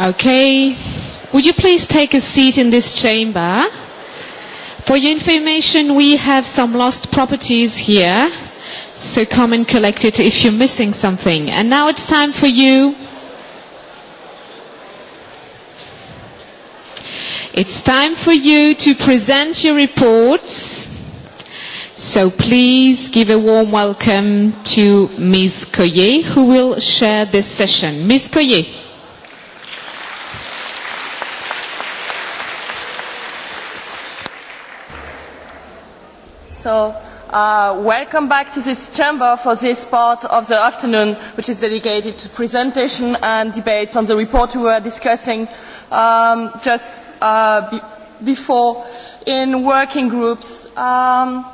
Okay. Would you please take a seat in this chamber? For your information, we have some lost properties here, so come and collect it if you're missing something. And now it's time for you. It's time for you to present your reports. So please give a warm welcome to Ms. Coyer, who will share this session. Ms. Coyer. So, uh, welcome back to this chamber for this part of the afternoon, which is dedicated to presentation and debates on the report we were discussing um, just uh, be before in working groups. Um,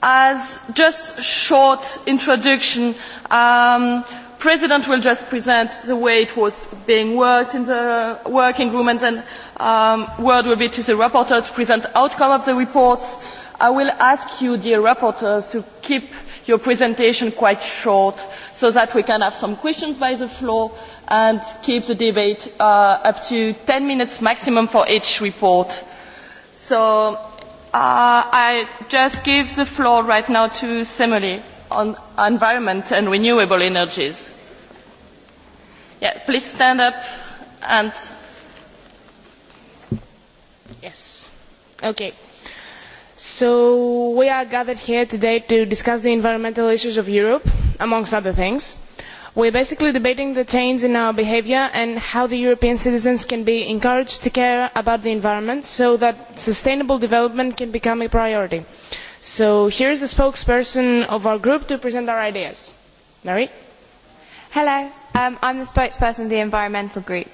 as just short introduction, um, President will just present the way it was being worked in the working group and then um, word will be to the rapporteur to present outcome of the reports i will ask you, dear rapporteurs, to keep your presentation quite short so that we can have some questions by the floor and keep the debate uh, up to 10 minutes maximum for each report. So uh, I just give the floor right now to Semele on environment and renewable energies. Yeah, please stand up and yes. Okay. So we are gathered here today to discuss the environmental issues of Europe, amongst other things. We are basically debating the change in our behaviour and how European citizens can be encouraged to care about the environment so that sustainable development can become a priority. So here is the spokesperson of our group to present our ideas. Mary? Hello, I am um, the spokesperson of the Environmental Group.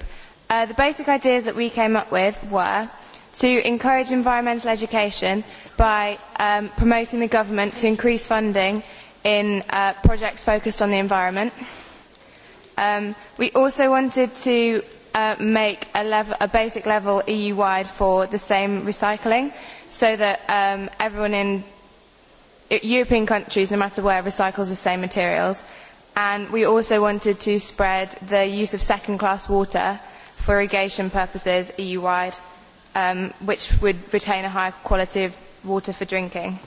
Uh, the basic ideas that we came up with were to encourage environmental education by um, promoting the government to increase funding in uh, projects focused on the environment. Um, we also wanted to uh, make a, level, a basic level EU-wide for the same recycling so that um, everyone in European countries, no matter where, recycles the same materials. And we also wanted to spread the use of second-class water for irrigation purposes EU-wide Um, which would retain a high quality of water for drinking.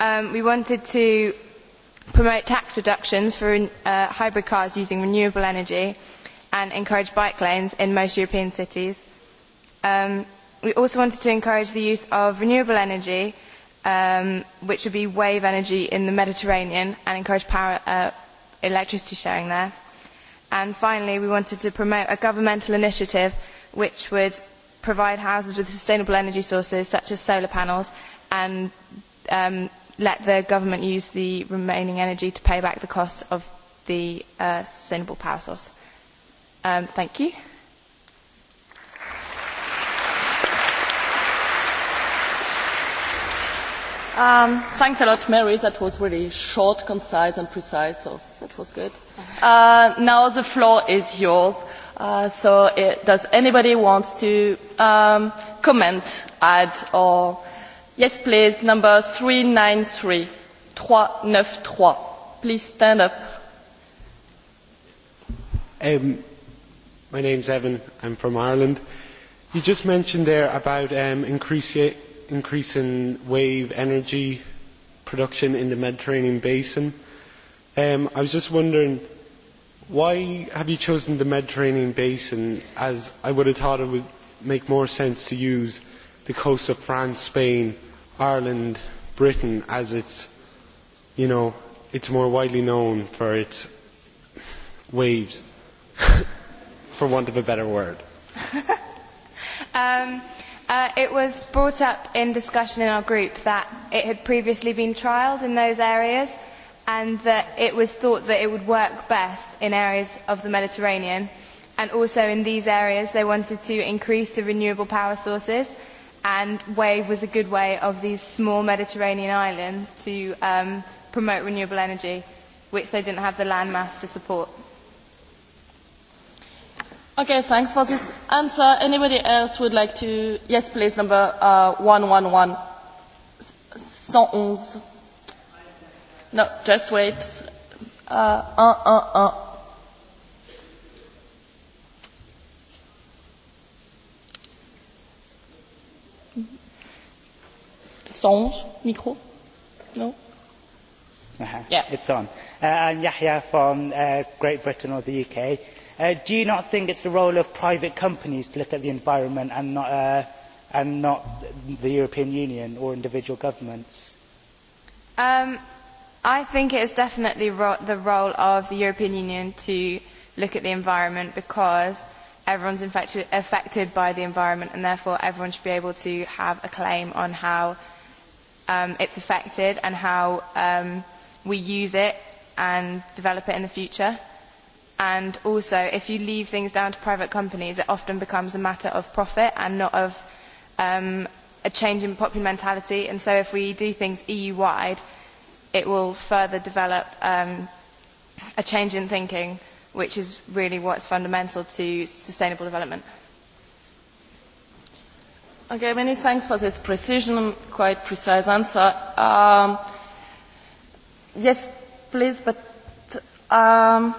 Um, we wanted to promote tax reductions for uh, hybrid cars using renewable energy and encourage bike lanes in most European cities. Um, we also wanted to encourage the use of renewable energy, um, which would be wave energy in the Mediterranean, and encourage power, uh, electricity sharing there. And finally, we wanted to promote a governmental initiative which would provide houses with sustainable energy sources such as solar panels and um, let the government use the remaining energy to pay back the cost of the uh, sustainable power source. Um, thank you. Um, thanks a lot, Mary. That was really short, concise, and precise, so that was good. Uh, now the floor is yours. Uh, so it, does anybody want to um, comment, add, or... Yes, please, number 393. 393. Please stand up. Um, my name's Evan. I'm from Ireland. You just mentioned there about um, increase, increasing wave energy production in the Mediterranean basin. Um, I was just wondering why have you chosen the Mediterranean basin as I would have thought it would make more sense to use the coasts of France, Spain, Ireland, Britain as it's you know it's more widely known for its waves for want of a better word. um, uh, it was brought up in discussion in our group that it had previously been trialled in those areas and that it was thought that it would work best in areas of the Mediterranean. And also in these areas, they wanted to increase the renewable power sources, and WAVE was a good way of these small Mediterranean islands to um, promote renewable energy, which they didn't have the landmass to support. Okay, thanks for this answer. Anybody else would like to? Yes, please, number uh, 111. 111. No, just wait. Uh, uh, uh, uh. Songe, micro? No? Uh-huh. Yeah. It's on. Uh, I'm Yahya from uh, Great Britain or the UK. Uh, do you not think it's the role of private companies to look at the environment and not, uh, and not the European Union or individual governments? Um, i think it is definitely ro- the role of the European Union to look at the environment because everyone's infected, affected by the environment and therefore everyone should be able to have a claim on how um, it's affected and how um, we use it and develop it in the future. And also, if you leave things down to private companies, it often becomes a matter of profit and not of um, a change in popular mentality. And so if we do things EU-wide, it will further develop um, a change in thinking, which is really what's fundamental to sustainable development. Okay, many thanks for this precision, quite precise answer. Um, yes, please, but um,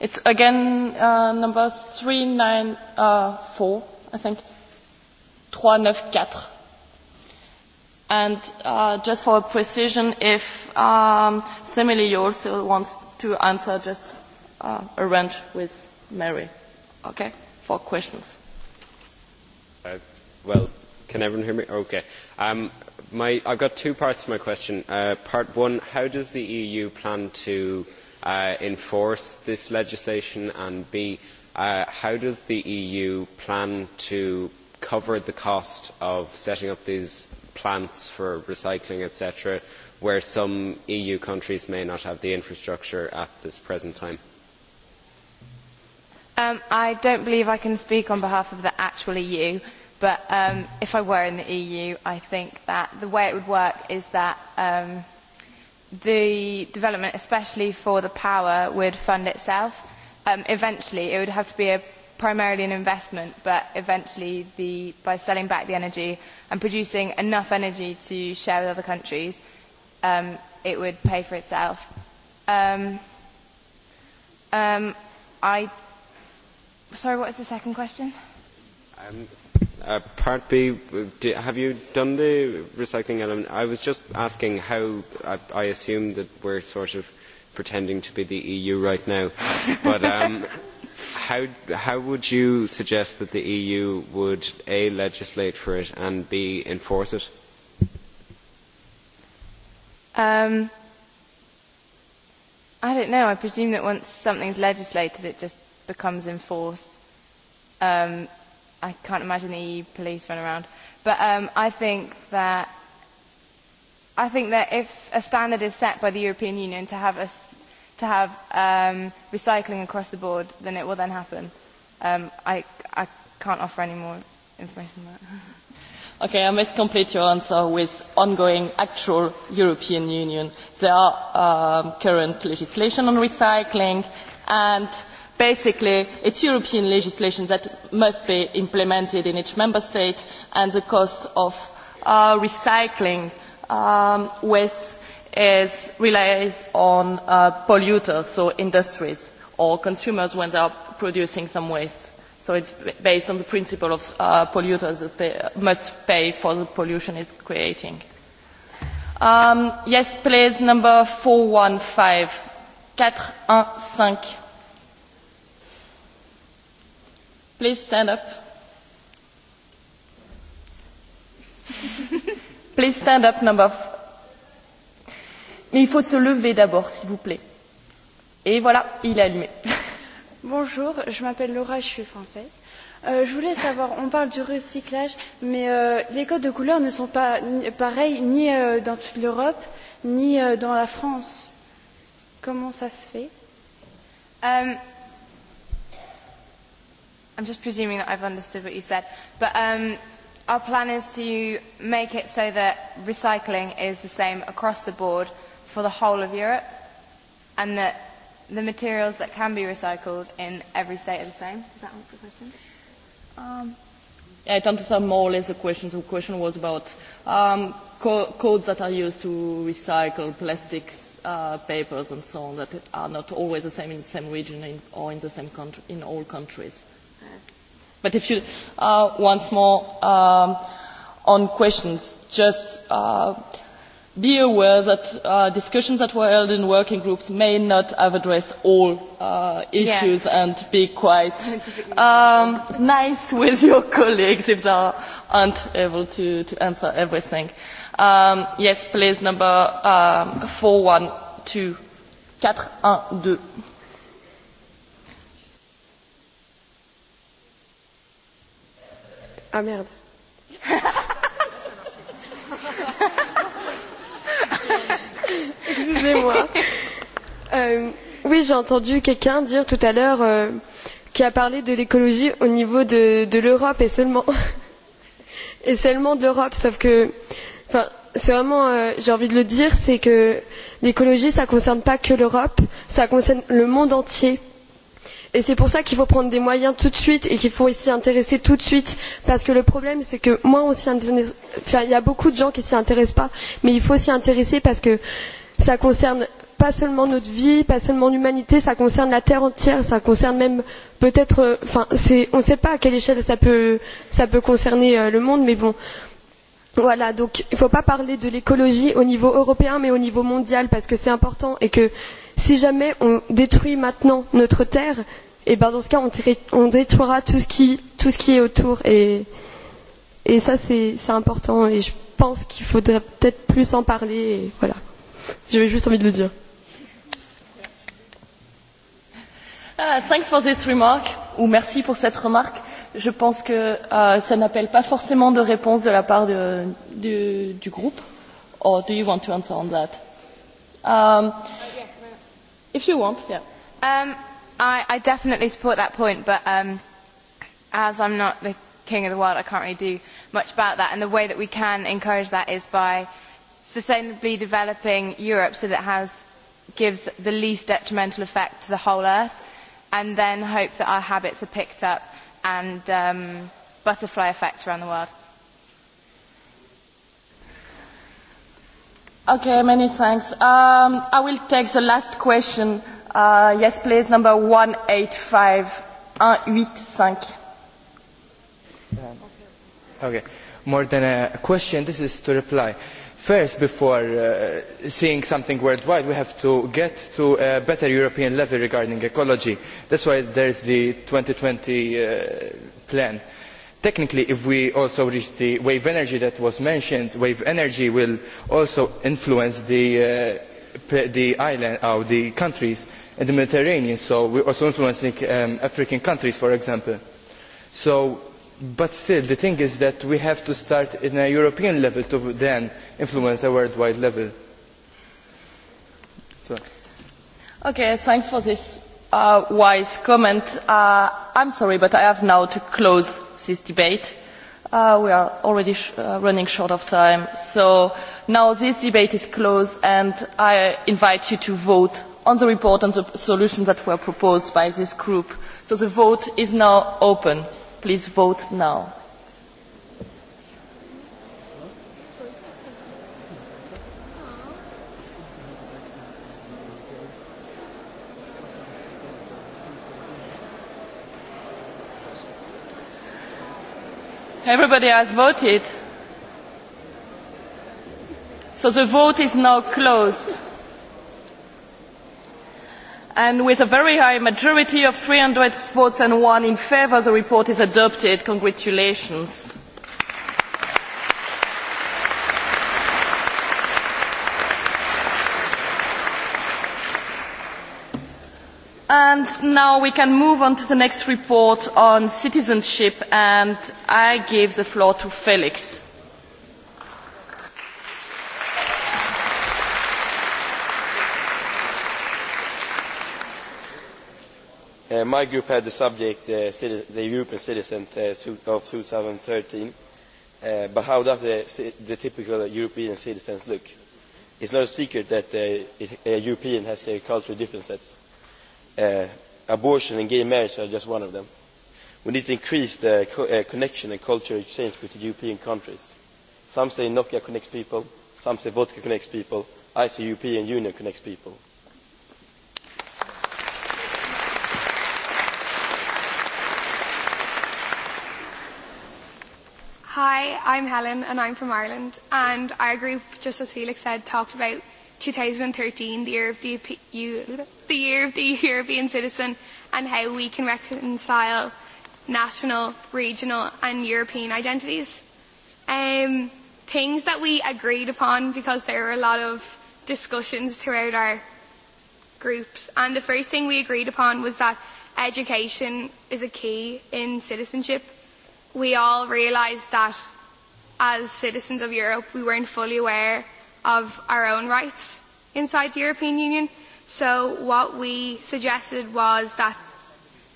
it's again uh, number 394, uh, I think. 394. And uh, just for precision, if um, Simile also wants to answer, just uh, arrange with Mary, okay, for questions. Uh, well, can everyone hear me? Okay. Um, my, I've got two parts to my question. Uh, part one, how does the EU plan to uh, enforce this legislation? And B, uh, how does the EU plan to cover the cost of setting up these plants for recycling, etc., where some EU countries may not have the infrastructure at this present time? Um, I don't believe I can speak on behalf of the actual EU, but um, if I were in the EU, I think that the way it would work is that um, the development, especially for the power, would fund itself. Um, eventually, it would have to be a primarily an investment, but eventually the, by selling back the energy and producing enough energy to share with other countries, um, it would pay for itself. Um, um, I, sorry, what was the second question? Um, uh, part B, do, have you done the recycling element? I was just asking how, I, I assume that we're sort of pretending to be the EU right now, but um, how, how would you suggest that the EU would A, legislate for it and B, enforce it? Um, I don't know. I presume that once something's legislated, it just becomes enforced. Um, I can't imagine the EU police run around. But um, I think that I think that if a standard is set by the European Union to have a to have um, recycling across the board, then it will then happen. Um, I, I can't offer any more information on that. okay, I must complete your answer with ongoing actual European Union. There are um, current legislation on recycling and basically it's european legislation that must be implemented in each member state and the cost of uh, recycling um, with is, relies on uh, polluters, so industries or consumers when they are producing some waste. So it's based on the principle of uh, polluters that pay, must pay for the pollution it's creating. Um, yes, please, number 415. 415. Please stand up. please stand up, number Mais il faut se lever d'abord, s'il vous plaît. Et voilà, il est allumé. Bonjour, je m'appelle Laura, je suis française. Euh, je voulais savoir, on parle du recyclage, mais euh, les codes de couleur ne sont pas pareils ni euh, dans toute l'Europe, ni euh, dans la France. Comment ça se fait um, I'm just presuming that I've understood what you said, but um, our plan is to make it so that recycling is the same across the board – for the whole of Europe and that the materials that can be recycled in every state are the same? Does that answer the question? Um, yeah, it answers more or less the question. The question was about um, co- codes that are used to recycle plastics, uh, papers, and so on that are not always the same in the same region in, or in the same country in all countries. But if you uh, once more um, on questions, just. Uh, be aware that uh, discussions that were held in working groups may not have addressed all uh, issues yeah. and be quite um, nice with your colleagues if they aren't able to, to answer everything. Um, yes, please, number um, 412. 412. Ah merde. excusez-moi. Euh, oui, j'ai entendu quelqu'un dire tout à l'heure euh, qui a parlé de l'écologie au niveau de, de l'Europe et seulement. et seulement de l'Europe, sauf que. Enfin, c'est vraiment, euh, j'ai envie de le dire, c'est que l'écologie, ça ne concerne pas que l'Europe, ça concerne le monde entier. Et c'est pour ça qu'il faut prendre des moyens tout de suite et qu'il faut s'y intéresser tout de suite. Parce que le problème, c'est que moins on s'y intéresse. Enfin, il y a beaucoup de gens qui ne s'y intéressent pas, mais il faut s'y intéresser parce que Cela concerne pas seulement notre vie, pas seulement l'humanité, ça concerne la Terre entière, cela concerne même peut-être, euh, enfin, on ne sait pas à quelle échelle ça peut, ça peut concerner euh, le monde, mais bon. Voilà, donc il ne faut pas parler de l'écologie au niveau européen, mais au niveau mondial, parce que c'est important et que si jamais on détruit maintenant notre Terre, et eh ben dans ce cas, on, on détruira tout ce, qui, tout ce qui est autour. Et, et ça, c'est important. Et je pense qu'il faudrait peut-être plus en parler. Et voilà. J'avais juste envie de le dire. Uh, thanks for this remark, ou merci pour cette remarque. Je pense que uh, ça n'appelle pas forcément de réponse de la part de, de, du groupe. Or do you want to answer on that? Um, if you want, yeah. Um, I, I definitely support that point, but um, as I'm not the king of the world, I can't really do much about that. And the way that we can encourage that is by sustainably developing Europe so that it has, gives the least detrimental effect to the whole earth and then hope that our habits are picked up and um, butterfly effect around the world. Okay, many thanks. Um, I will take the last question. Uh, yes, please, number 185. 185. Um, okay. More than a question, this is to reply first before uh, seeing something worldwide we have to get to a better european level regarding ecology. that is why there is the two thousand and twenty uh, plan. technically if we also reach the wave energy that was mentioned wave energy will also influence the, uh, countries in the mediterranean so we are also influencing um, african countries for example. so but still the thing is that we have to start at a european level to then influence a worldwide level. okay thanks for this uh, wise comment. Uh, i'm sorry but i have now to close this debate. Uh, we are already sh uh, running short of time so now this debate is closed and i invite you to vote on the report and the solutions that were proposed by this group. so the vote is now open. Please vote now. Everybody has voted. So the vote is now closed and with a very high majority of three hundred votes and one in favour the report is adopted. congratulations. And now we can move on to the next report on citizenship and I give the floor to Felix. Uh, my group had the subject uh, the European citizen uh, of 2013, uh, but how does the, the typical European citizens look? It's not a secret that uh, a European has uh, cultural differences. Uh, abortion and gay marriage are just one of them. We need to increase the co uh, connection and cultural exchange with the European countries. Some say Nokia connects people, some say vodka connects people, I say European Union connects people Hi, I'm Helen and I'm from Ireland. And our group, just as Felix said, talked about 2013, the year of the, the year of the European citizen, and how we can reconcile national, regional, and European identities. Um, things that we agreed upon because there were a lot of discussions throughout our groups. And the first thing we agreed upon was that education is a key in citizenship we all realised that as citizens of Europe, we weren't fully aware of our own rights inside the European Union. So what we suggested was that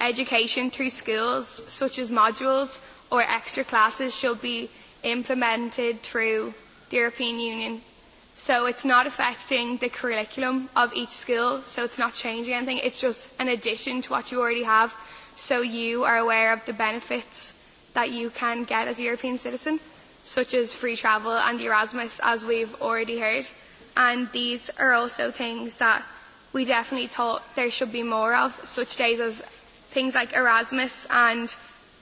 education through schools, such as modules or extra classes, should be implemented through the European Union. So it's not affecting the curriculum of each school, so it's not changing anything. It's just an addition to what you already have, so you are aware of the benefits that you can get as a European citizen, such as free travel and Erasmus, as we've already heard. And these are also things that we definitely thought there should be more of, such days as things like Erasmus and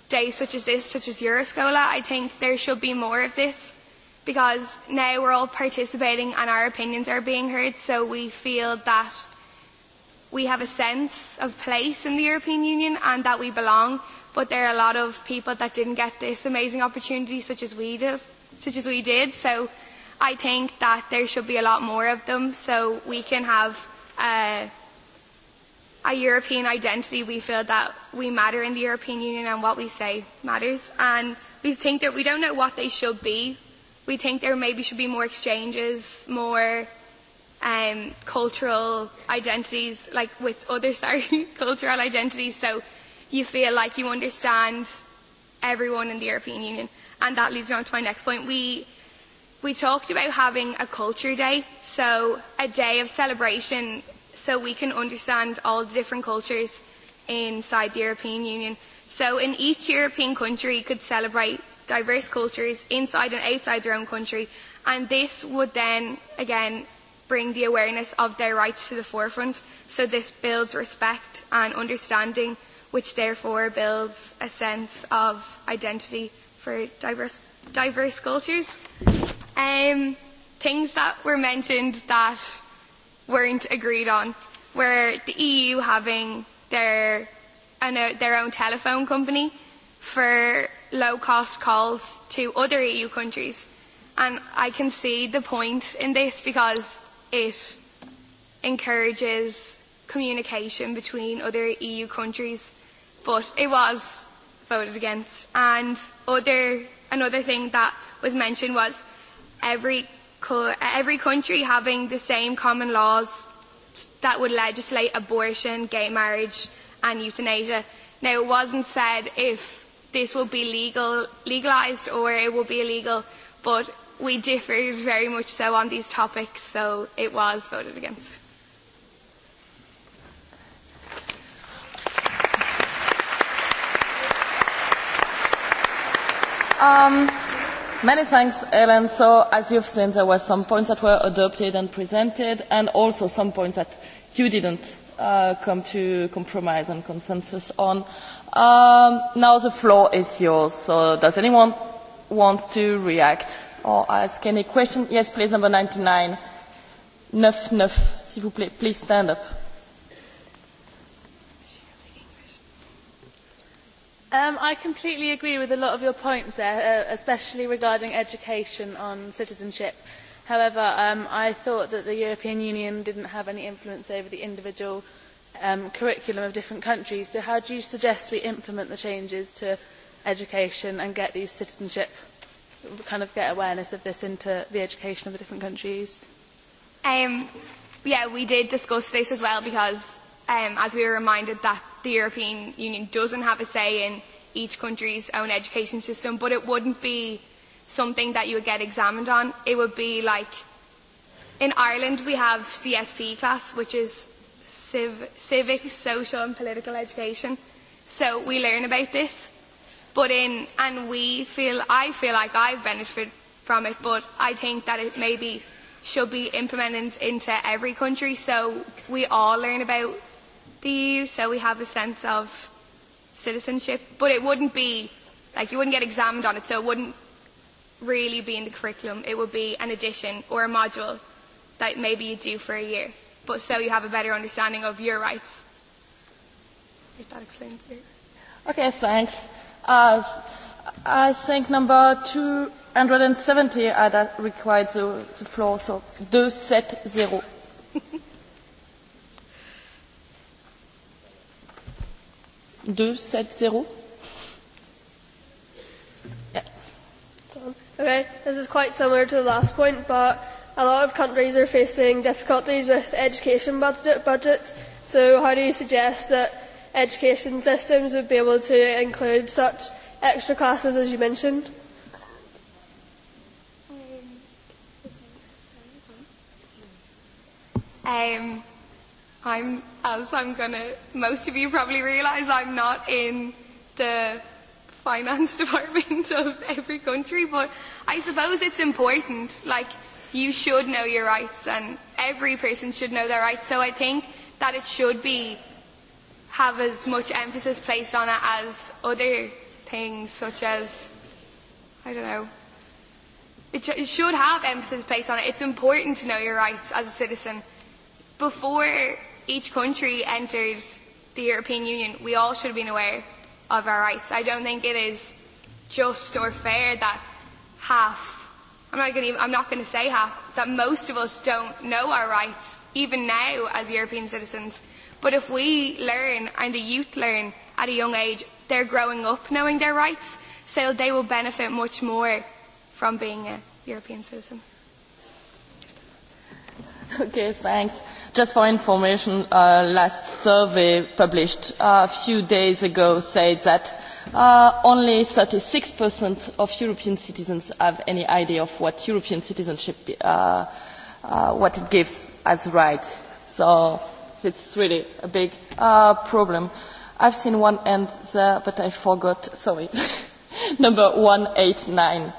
days such as this, such as Euroscola. I think there should be more of this because now we're all participating and our opinions are being heard, so we feel that we have a sense of place in the European Union and that we belong but there are a lot of people that didn't get this amazing opportunity such as we did, such as we did. so I think that there should be a lot more of them so we can have a, uh, a European identity. We feel that we matter in the European Union and what we say matters. And we think that we don't know what they should be. We think there maybe should be more exchanges, more um, cultural identities, like with other, sorry, cultural identities. So you feel like you understand everyone in the European Union. And that leads me on to my next point. We, we talked about having a culture day, so a day of celebration so we can understand all the different cultures inside the European Union. So in each European country could celebrate diverse cultures inside and outside their own country and this would then again bring the awareness of their rights to the forefront so this builds respect and understanding which therefore builds a sense of identity for diverse, diverse cultures. Um, things that were mentioned that weren't agreed on were the EU having their, an, uh, their own telephone company for low cost calls to other EU countries. And I can see the point in this because it encourages communication between other EU countries but it was voted against. And other, another thing that was mentioned was every, co- every country having the same common laws that would legislate abortion, gay marriage, and euthanasia. Now, it wasn't said if this will be legal, legalised or it will be illegal, but we differed very much so on these topics, so it was voted against. Um, many thanks, Ellen. So, as you've seen, there were some points that were adopted and presented, and also some points that you didn't uh, come to compromise and consensus on. Um, now the floor is yours. So, does anyone want to react or ask any question? Yes, please, number 99. neuf neuf s'il vous plaît. Please stand up. Um, I completely agree with a lot of your points there, uh, especially regarding education on citizenship. However, um, I thought that the European Union didn't have any influence over the individual um, curriculum of different countries. So how do you suggest we implement the changes to education and get these citizenship, kind of get awareness of this into the education of the different countries? Um, yeah, we did discuss this as well because um, as we were reminded that the European Union doesn't have a say in each country's own education system, but it wouldn't be something that you would get examined on. It would be like in Ireland we have CSP class, which is civ- civic, social, and political education. So we learn about this, but in and we feel I feel like I've benefited from it, but I think that it maybe should be implemented into every country so we all learn about the EU, so we have a sense of citizenship. But it wouldn't be, like, you wouldn't get examined on it, so it wouldn't really be in the curriculum. It would be an addition or a module that maybe you do for a year, but so you have a better understanding of your rights. If that explains it. Okay, thanks. Uh, I think number 270 uh, that required the, the floor, so 270. Okay, this is quite similar to the last point, but a lot of countries are facing difficulties with education budget, budgets. So, how do you suggest that education systems would be able to include such extra classes as you mentioned? Um, I'm, as I'm gonna, most of you probably realise, I'm not in the finance department of every country, but I suppose it's important. Like, you should know your rights, and every person should know their rights. So I think that it should be have as much emphasis placed on it as other things, such as I don't know. It, sh- it should have emphasis placed on it. It's important to know your rights as a citizen before each country entered the European Union, we all should have been aware of our rights. I don't think it is just or fair that half, I'm not going to, I'm not going to say half, that most of us don't know our rights, even now as European citizens. But if we learn and the youth learn at a young age, they're growing up knowing their rights, so they will benefit much more from being a European citizen. Okay, thanks. Just for information, uh, last survey published a few days ago said that uh, only 36% of European citizens have any idea of what European citizenship, uh, uh, what it gives as rights. So it's really a big uh, problem. I've seen one end there, but I forgot. Sorry. Number 189.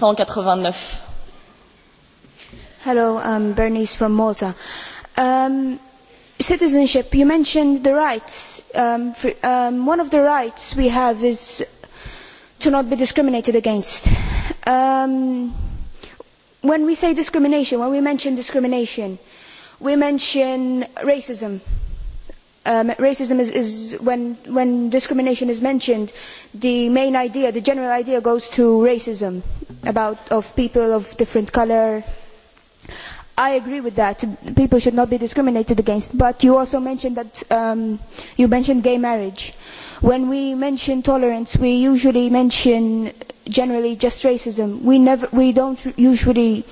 189 Hello, I'm Bernice from Malta. Um, citizenship, you mentioned the rights. Um, for, um, one of the rights we have is to not be discriminated against. Um, when we say discrimination, when we mention discrimination, we mention racism. Um, racism is, is when, when discrimination is mentioned, the main idea, the general idea goes to racism about of people of different colour, i agree with that. People should not be discriminated against. But you also mentioned that um, you mentioned gay marriage. When we mention tolerance, we usually mention generally just racism. We never, we don't usually,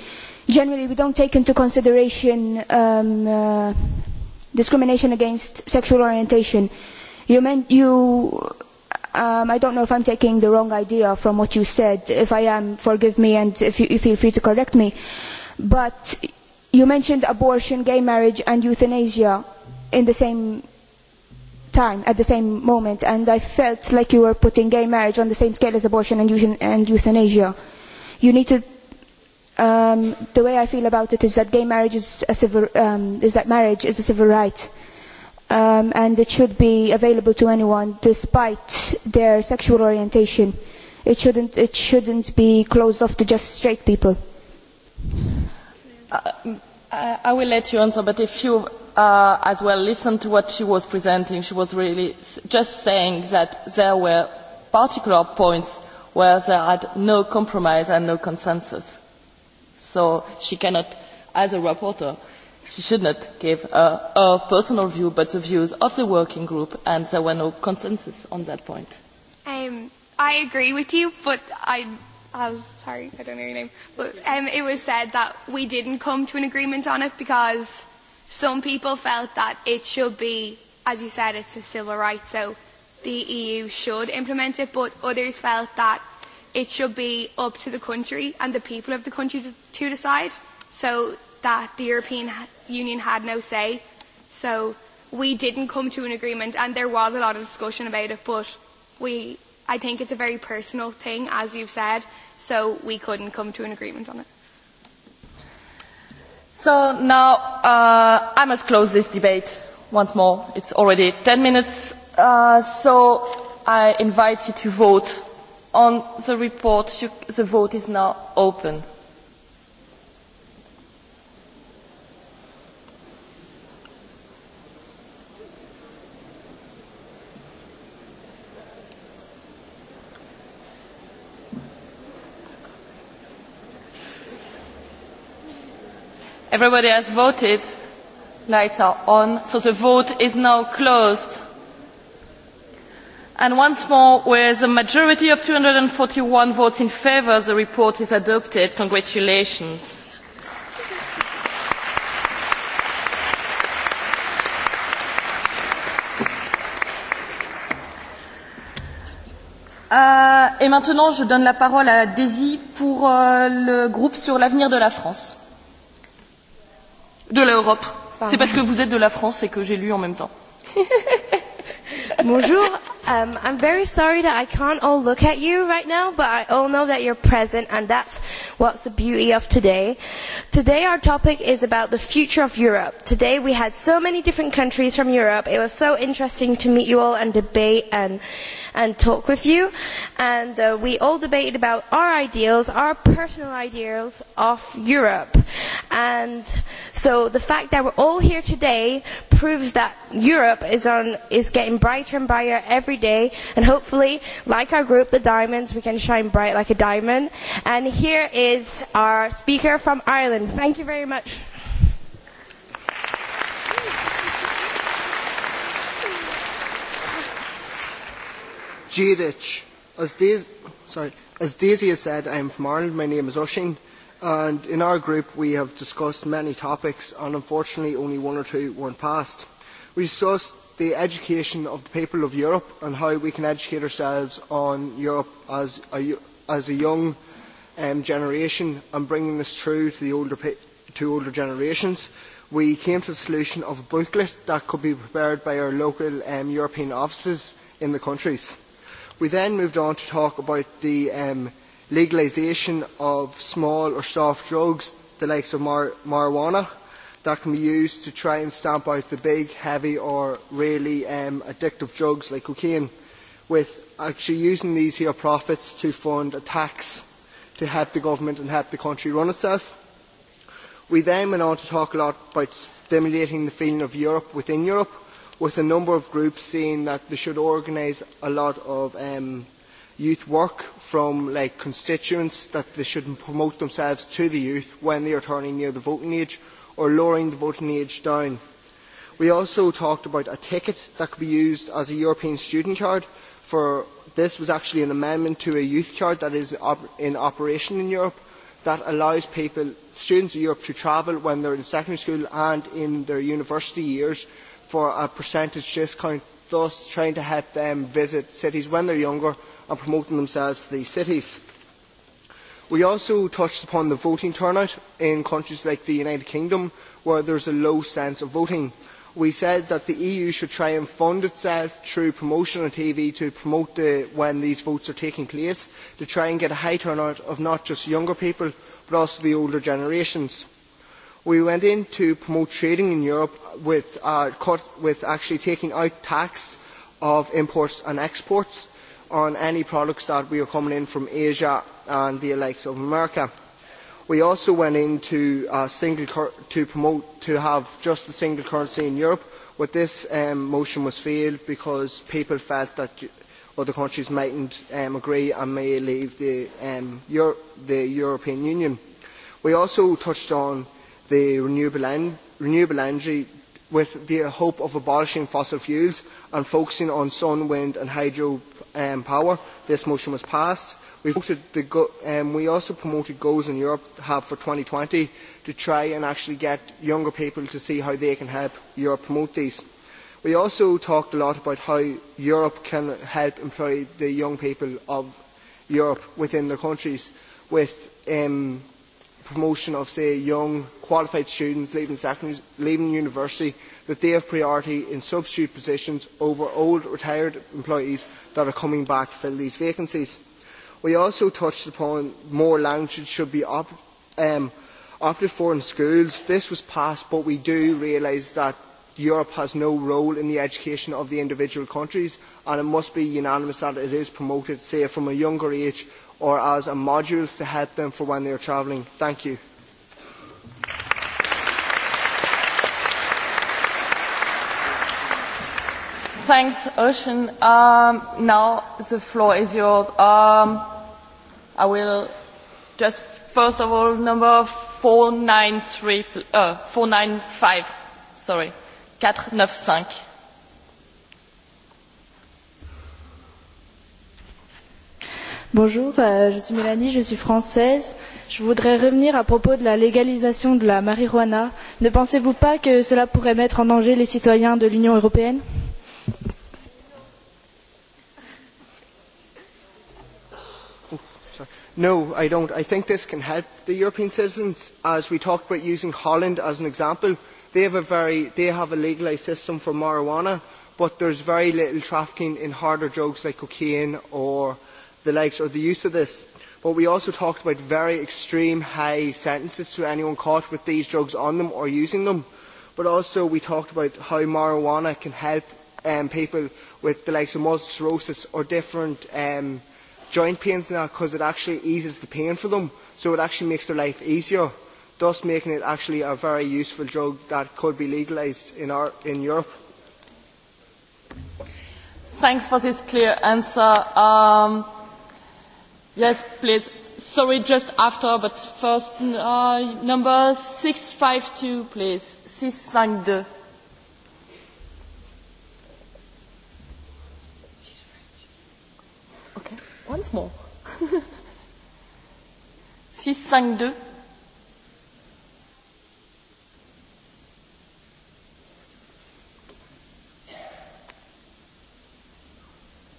generally, we don't take into consideration um, uh, discrimination against sexual orientation. You meant you. Um, I don't know if I'm taking the wrong idea from what you said. If I am, forgive me, and if you, you feel free to correct me. But you mentioned abortion, gay marriage, and euthanasia in the same time, at the same moment, and I felt like you were putting gay marriage on the same scale as abortion and, and euthanasia. You need to. Um, the way I feel about it is that gay marriage is a civil, um, is that marriage is a civil right, um, and it should be available to anyone, despite their sexual orientation. It shouldn't. It shouldn't be closed off to just straight people. Uh, I will let you answer, but if you uh, as well listen to what she was presenting, she was really just saying that there were particular points where there had no compromise and no consensus. So she cannot, as a rapporteur, she should not give uh, her personal view, but the views of the working group, and there were no consensus on that point. Um, I agree with you, but I as oh, sorry, I don't know your name, but um, it was said that we didn't come to an agreement on it because some people felt that it should be, as you said, it's a civil right, so the EU should implement it, but others felt that it should be up to the country and the people of the country to, to decide, so that the European Union had no say. So we didn't come to an agreement, and there was a lot of discussion about it, but we i think it's a very personal thing, as you've said, so we couldn't come to an agreement on it. So now uh, I must close this debate once more. It's already 10 minutes, uh, so I invite you to vote on the report. You, the vote is now open. Everybody has voted. Lights are on. So the vote is now closed. And once more, with a majority of 241 votes in favour, the report is adopted. Congratulations. Euh, et maintenant, je donne la parole à Daisy pour euh, le groupe sur l'avenir de la France de l'Europe. C'est parce que vous êtes de la France et que j'ai lu en même temps. Bonjour Um, I'm very sorry that I can't all look at you right now, but I all know that you're present, and that's what's the beauty of today. Today, our topic is about the future of Europe. Today, we had so many different countries from Europe. It was so interesting to meet you all and debate and, and talk with you. And uh, we all debated about our ideals, our personal ideals of Europe. And so the fact that we're all here today proves that Europe is, on, is getting brighter and brighter every every day. And hopefully, like our group, the Diamonds, we can shine bright like a diamond. And here is our speaker from Ireland. Thank you very much. Giedich. As, Daz- sorry, as Daisy has said, I am from Ireland. My name is Ushin, And in our group, we have discussed many topics, and unfortunately, only one or two weren't passed. We discussed the education of the people of Europe and how we can educate ourselves on Europe as a, as a young um, generation and bringing this through to, older, to older generations. We came to the solution of a booklet that could be prepared by our local um, European offices in the countries. We then moved on to talk about the um, legalisation of small or soft drugs, the likes of mar marijuana that can be used to try and stamp out the big, heavy or really um, addictive drugs like cocaine, with actually using these here profits to fund a tax to help the government and help the country run itself. We then went on to talk a lot about stimulating the feeling of Europe within Europe, with a number of groups saying that they should organise a lot of um, youth work from like constituents that they should promote themselves to the youth when they are turning near the voting age or lowering the voting age down. We also talked about a ticket that could be used as a European student card for this was actually an amendment to a youth card that is in operation in Europe that allows people, students of Europe to travel when they are in secondary school and in their university years for a percentage discount, thus trying to help them visit cities when they are younger and promoting themselves to these cities. We also touched upon the voting turnout in countries like the United Kingdom, where there is a low sense of voting. We said that the EU should try and fund itself through promotion on TV to promote the, when these votes are taking place, to try and get a high turnout of not just younger people, but also the older generations. We went in to promote trading in Europe with, uh, cut, with actually taking out tax of imports and exports on any products that we are coming in from Asia and the likes of America. We also went in to, uh, single to promote to have just the single currency in Europe, but this um, motion was failed because people felt that other countries might not um, agree and may leave the, um, Euro the European Union. We also touched on the renewable, en renewable energy with the hope of abolishing fossil fuels and focusing on sun, wind and hydro um, power. This motion was passed. Um, we, also promoted goals in Europe have for twenty to try and actually get younger people to see how they can help Europe promote these. We also talked a lot about how Europe can help employ the young people of Europe within their countries with um, promotion of, say, young qualified students leaving, secondary, leaving university, that they have priority in substitute positions over old retired employees that are coming back to fill these vacancies. We also touched upon more languages should be op um, opted for in schools. This was passed, but we do realise that Europe has no role in the education of the individual countries, and it must be unanimous that it is promoted, say, from a younger age or as a module to help them for when they are travelling. Thank you. thanks, Ocean. Um, now the floor is yours. Um, I will just first of all number 493, uh, 495, sorry, 495. Bonjour, euh, je suis Mélanie, je suis française. Je voudrais revenir à propos de la légalisation de la marijuana. Ne pensez-vous pas que cela pourrait mettre en danger les citoyens de l'Union européenne? No, I don't. I think this can help the European citizens. As we talked about using Holland as an example, they have a, very, they have a legalised system for marijuana, but there is very little trafficking in harder drugs like cocaine or the likes, or the use of this. But we also talked about very extreme high sentences to anyone caught with these drugs on them or using them. But also we talked about how marijuana can help um, people with the likes of multiple sclerosis or different um, joint pains and that because it actually eases the pain for them, so it actually makes their life easier, thus making it actually a very useful drug that could be legalised in, our, in Europe. Thanks for this clear answer. Um, yes, please. Sorry, just after, but first, uh, number 652, please. 652. once more. 652.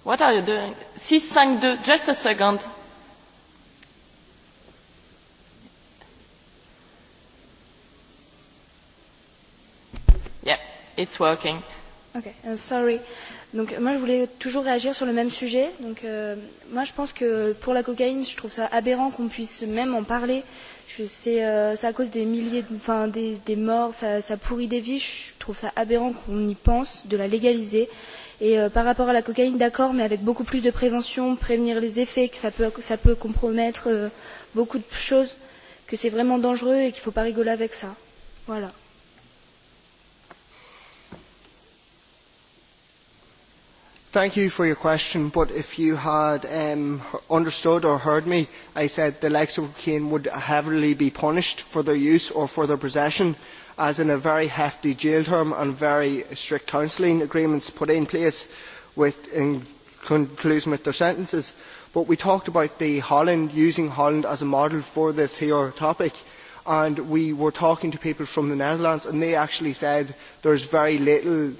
What are you doing? 652, just a second. Yeah, it's working. Okay, uh, sorry. Donc moi je voulais toujours réagir sur le même sujet. Donc euh, moi je pense que pour la cocaïne, je trouve ça aberrant qu'on puisse même en parler. C'est euh, à cause des milliers, de, enfin des, des morts, ça, ça pourrit des vies. Je trouve ça aberrant qu'on y pense, de la légaliser. Et euh, par rapport à la cocaïne, d'accord, mais avec beaucoup plus de prévention, prévenir les effets, que ça peut, ça peut compromettre euh, beaucoup de choses, que c'est vraiment dangereux et qu'il ne faut pas rigoler avec ça. Voilà. Thank you for your question, but if you had um, understood or heard me, I said the likes of cocaine would heavily be punished for their use or for their possession, as in a very hefty jail term and very strict counselling agreements put in place with, in conclusion with their sentences. But we talked about Holland, using Holland as a model for this here topic, and we were talking to people from the Netherlands, and they actually said there is very little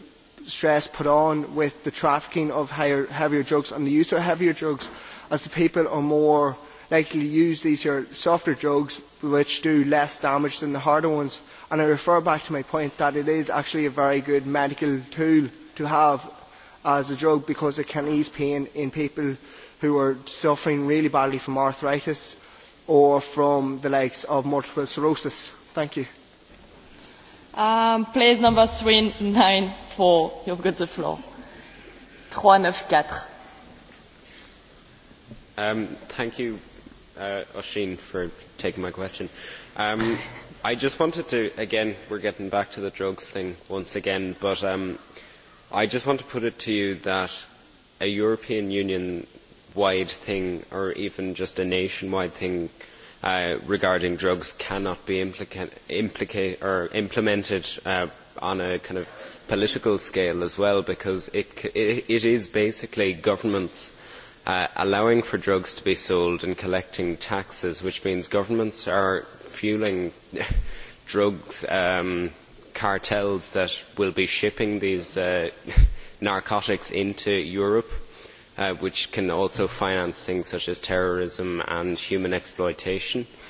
stress put on with the trafficking of higher, heavier drugs and the use of heavier drugs as the people are more likely to use these softer drugs which do less damage than the harder ones. And I refer back to my point that it is actually a very good medical tool to have as a drug because it can ease pain in people who are suffering really badly from arthritis or from the likes of multiple sclerosis. Thank you. Um, number three, nine for you've got the floor. 394. Um, thank you, uh, Oshin, for taking my question. Um, I just wanted to, again, we're getting back to the drugs thing once again, but um, I just want to put it to you that a European Union wide thing, or even just a nationwide thing uh, regarding drugs, cannot be implica- implica- or implemented uh, on a kind of political scale as well because it, it, it is basically governments uh, allowing for drugs to be sold and collecting taxes, which means governments are fueling drugs um, cartels that will be shipping these uh, narcotics into Europe. Uh, which can also finance things such as terrorism and human exploitation. Uh,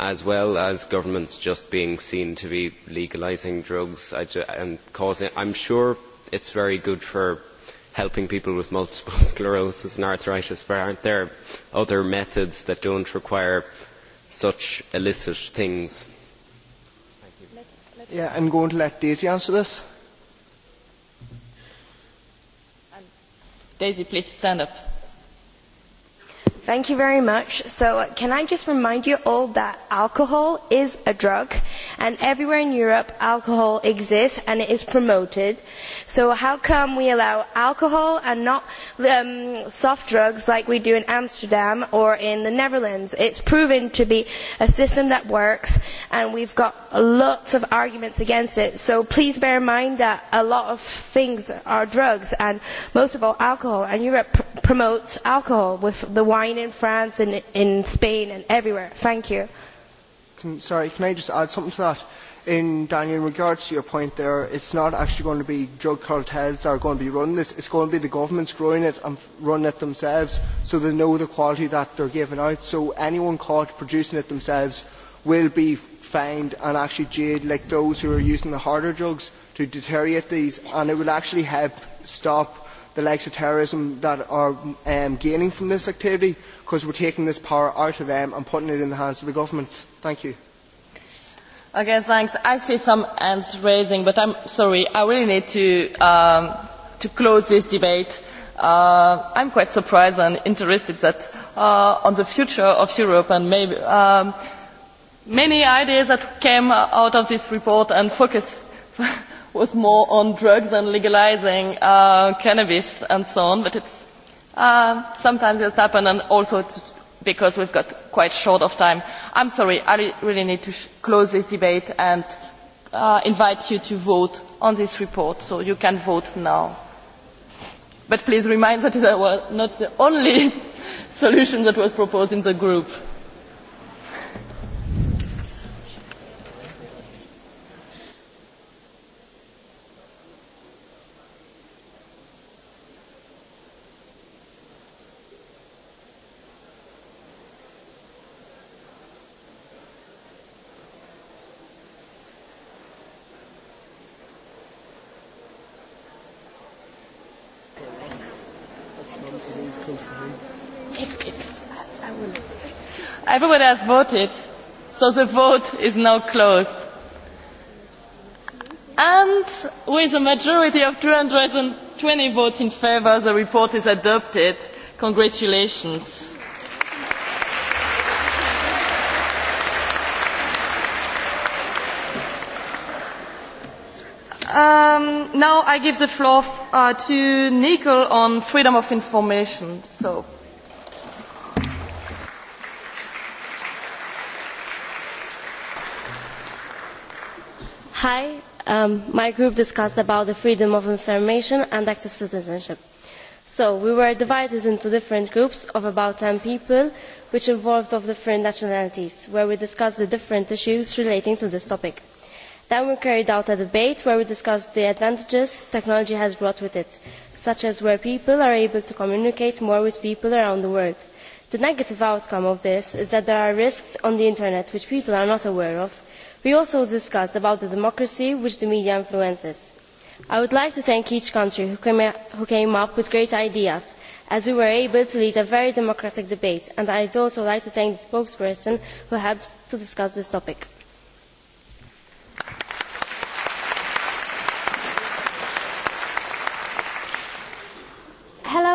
as well as governments just being seen to be legalising drugs and causing. I'm sure it's very good for helping people with multiple sclerosis and arthritis, but aren't there other methods that don't require such illicit things? Yeah, going to let Daisy answer this. Daisy, please stand up. Thank you very much. So, can I just remind you all that alcohol is a drug, and everywhere in Europe, alcohol exists and it is promoted. So, how come we allow alcohol and not um, soft drugs like we do in Amsterdam or in the Netherlands? It's proven to be a system that works, and we've got lots of arguments against it. So, please bear in mind that a lot of things are drugs, and most of all, alcohol. And Europe pr- promotes alcohol with the wine in France and in Spain and everywhere. Thank you. Can, sorry, can I just add something to that? In Daniel, in regards to your point there, it's not actually going to be drug cartels that are going to be running this. It's going to be the governments growing it and running it themselves, so they know the quality that they're giving out. So anyone caught producing it themselves will be fined and actually jailed, like those who are using the harder drugs to deteriorate these, and it will actually help stop the likes of terrorism that are um, gaining from this activity because we are taking this power out of them and putting it in the hands of the governments. Thank you. Okay, thanks. I see some hands raising, but I'm sorry. I really need to, um, to close this debate. Uh, I'm quite surprised and interested that uh, on the future of Europe and maybe um, many ideas that came out of this report and focus was more on drugs and legalizing uh, cannabis and so on, but it's, uh, sometimes it happens and also it's because we've got quite short of time. I'm sorry, I really need to sh close this debate and uh, invite you to vote on this report, so you can vote now. But please remind that that was not the only solution that was proposed in the group. please, Everybody has voted, so the vote is now closed. And with a majority of 220 votes in favour, the report is adopted. Congratulations. Now I give the floor uh, to Nicole on freedom of information. So. Hi, um, my group discussed about the freedom of information and active citizenship. So we were divided into different groups of about 10 people, which involved of different nationalities, where we discussed the different issues relating to this topic then we carried out a debate where we discussed the advantages technology has brought with it such as where people are able to communicate more with people around the world. the negative outcome of this is that there are risks on the internet which people are not aware of. we also discussed the democracy which the media influences. i would like to thank each country who came up with great ideas as we were able to lead a very democratic debate and i would also like to thank the spokesperson who helped to discuss this topic.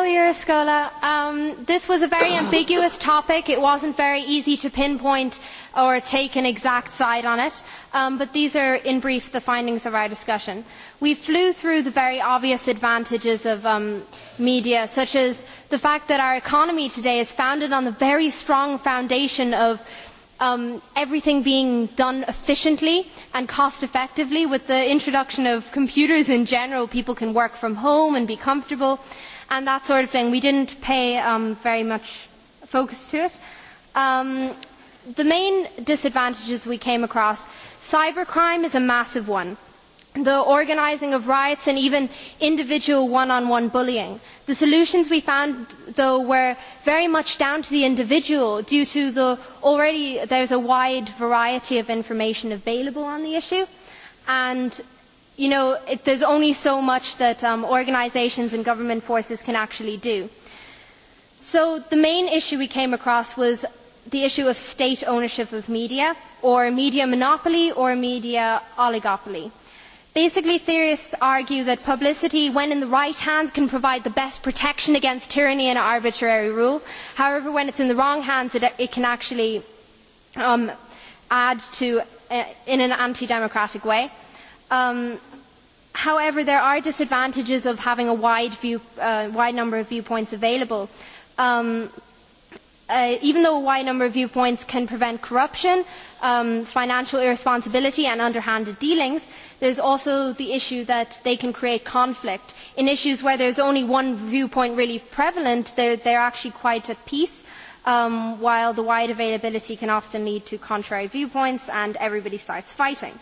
Euroscola. Um, this was a very ambiguous topic. It was not very easy to pinpoint or take an exact side on it, um, but these are, in brief, the findings of our discussion. We flew through the very obvious advantages of um, media, such as the fact that our economy today is founded on the very strong foundation of um, everything being done efficiently and cost effectively. With the introduction of computers in general, people can work from home and be comfortable and that sort of thing. We didn't pay um, very much focus to it. Um, the main disadvantages we came across cybercrime is a massive one. The organising of riots and even individual one on one bullying. The solutions we found, though, were very much down to the individual due to the already there's a wide variety of information available on the issue. And you know, it, there's only so much that um, organisations and government forces can actually do. So the main issue we came across was the issue of state ownership of media, or media monopoly, or media oligopoly. Basically, theorists argue that publicity, when in the right hands, can provide the best protection against tyranny and arbitrary rule. However, when it's in the wrong hands, it, it can actually um, add to, uh, in an anti-democratic way. Um, however, there are disadvantages of having a wide, view, uh, wide number of viewpoints available. Um, uh, even though a wide number of viewpoints can prevent corruption, um, financial irresponsibility and underhanded dealings, there is also the issue that they can create conflict. In issues where there is only one viewpoint really prevalent, they're, they're actually quite at peace, um, while the wide availability can often lead to contrary viewpoints and everybody starts fighting.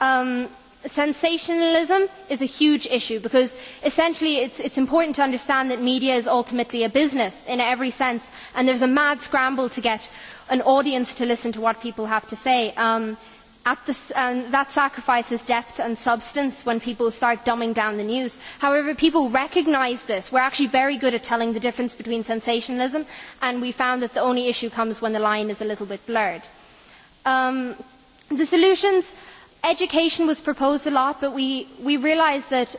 Um, sensationalism is a huge issue because essentially it is important to understand that media is ultimately a business in every sense and there is a mad scramble to get an audience to listen to what people have to say. Um, um, that sacrifices depth and substance when people start dumbing down the news. However, people recognise this. We are actually very good at telling the difference between sensationalism, and we found that the only issue comes when the line is a little bit blurred. Um, the solutions education was proposed a lot, but we, we realise that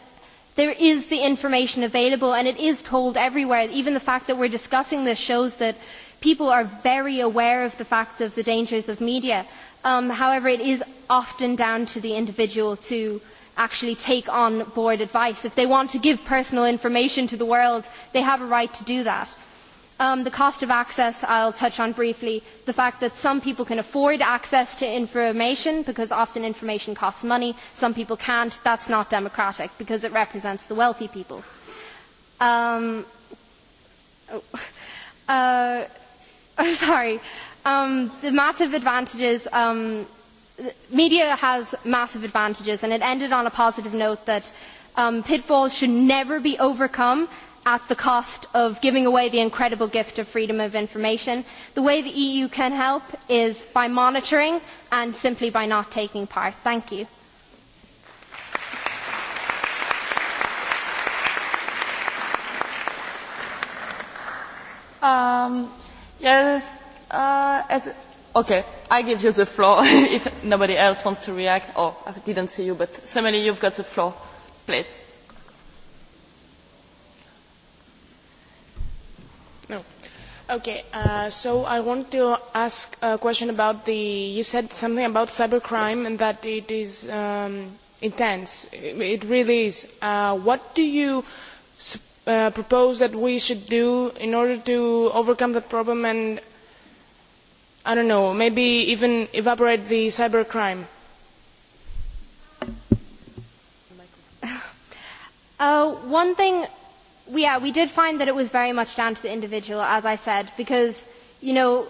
there is the information available and it is told everywhere. Even the fact that we are discussing this shows that people are very aware of the fact of the dangers of media. Um, however, it is often down to the individual to actually take on board advice. If they want to give personal information to the world, they have a right to do that. Um, the cost of access I will touch on briefly. The fact that some people can afford access to information because often information costs money. Some people cannot, That is not democratic because it represents the wealthy people. Um, oh, uh, oh, sorry. Um, the massive advantages. Um, media has massive advantages, and it ended on a positive note that um, pitfalls should never be overcome at the cost of giving away the incredible gift of freedom of information. The way the EU can help is by monitoring and simply by not taking part. Thank you. Um, yes, uh, as, okay, I give you the floor if nobody else wants to react. Oh, I didn't see you, but Semele, you've got the floor, please. Okay, uh, so I want to ask a question about the. You said something about cybercrime and that it is um, intense. It really is. Uh, what do you uh, propose that we should do in order to overcome the problem and, I don't know, maybe even evaporate the cybercrime? Uh, one thing yeah, we did find that it was very much down to the individual, as I said, because, you know,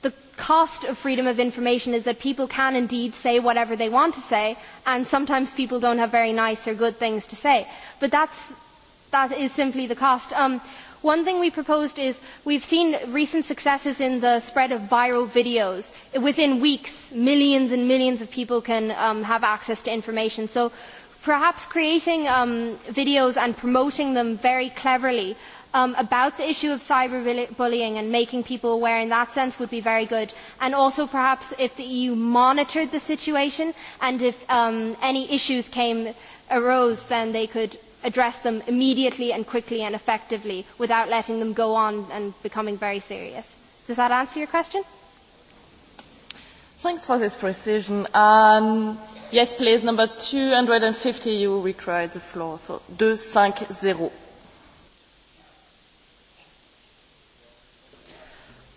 the cost of freedom of information is that people can indeed say whatever they want to say, and sometimes people don't have very nice or good things to say. But that's, that is simply the cost. Um, one thing we proposed is we have seen recent successes in the spread of viral videos. Within weeks, millions and millions of people can um, have access to information. So perhaps creating um, videos and promoting them very cleverly um, about the issue of cyberbullying and making people aware in that sense would be very good. And also perhaps if the EU monitored the situation and if um, any issues came, arose, then they could address them immediately and quickly and effectively without letting them go on and becoming very serious. Does that answer your question? Thanks for this precision. Um, Yes, please, number two hundred and fifty, you require the floor. So, two zero.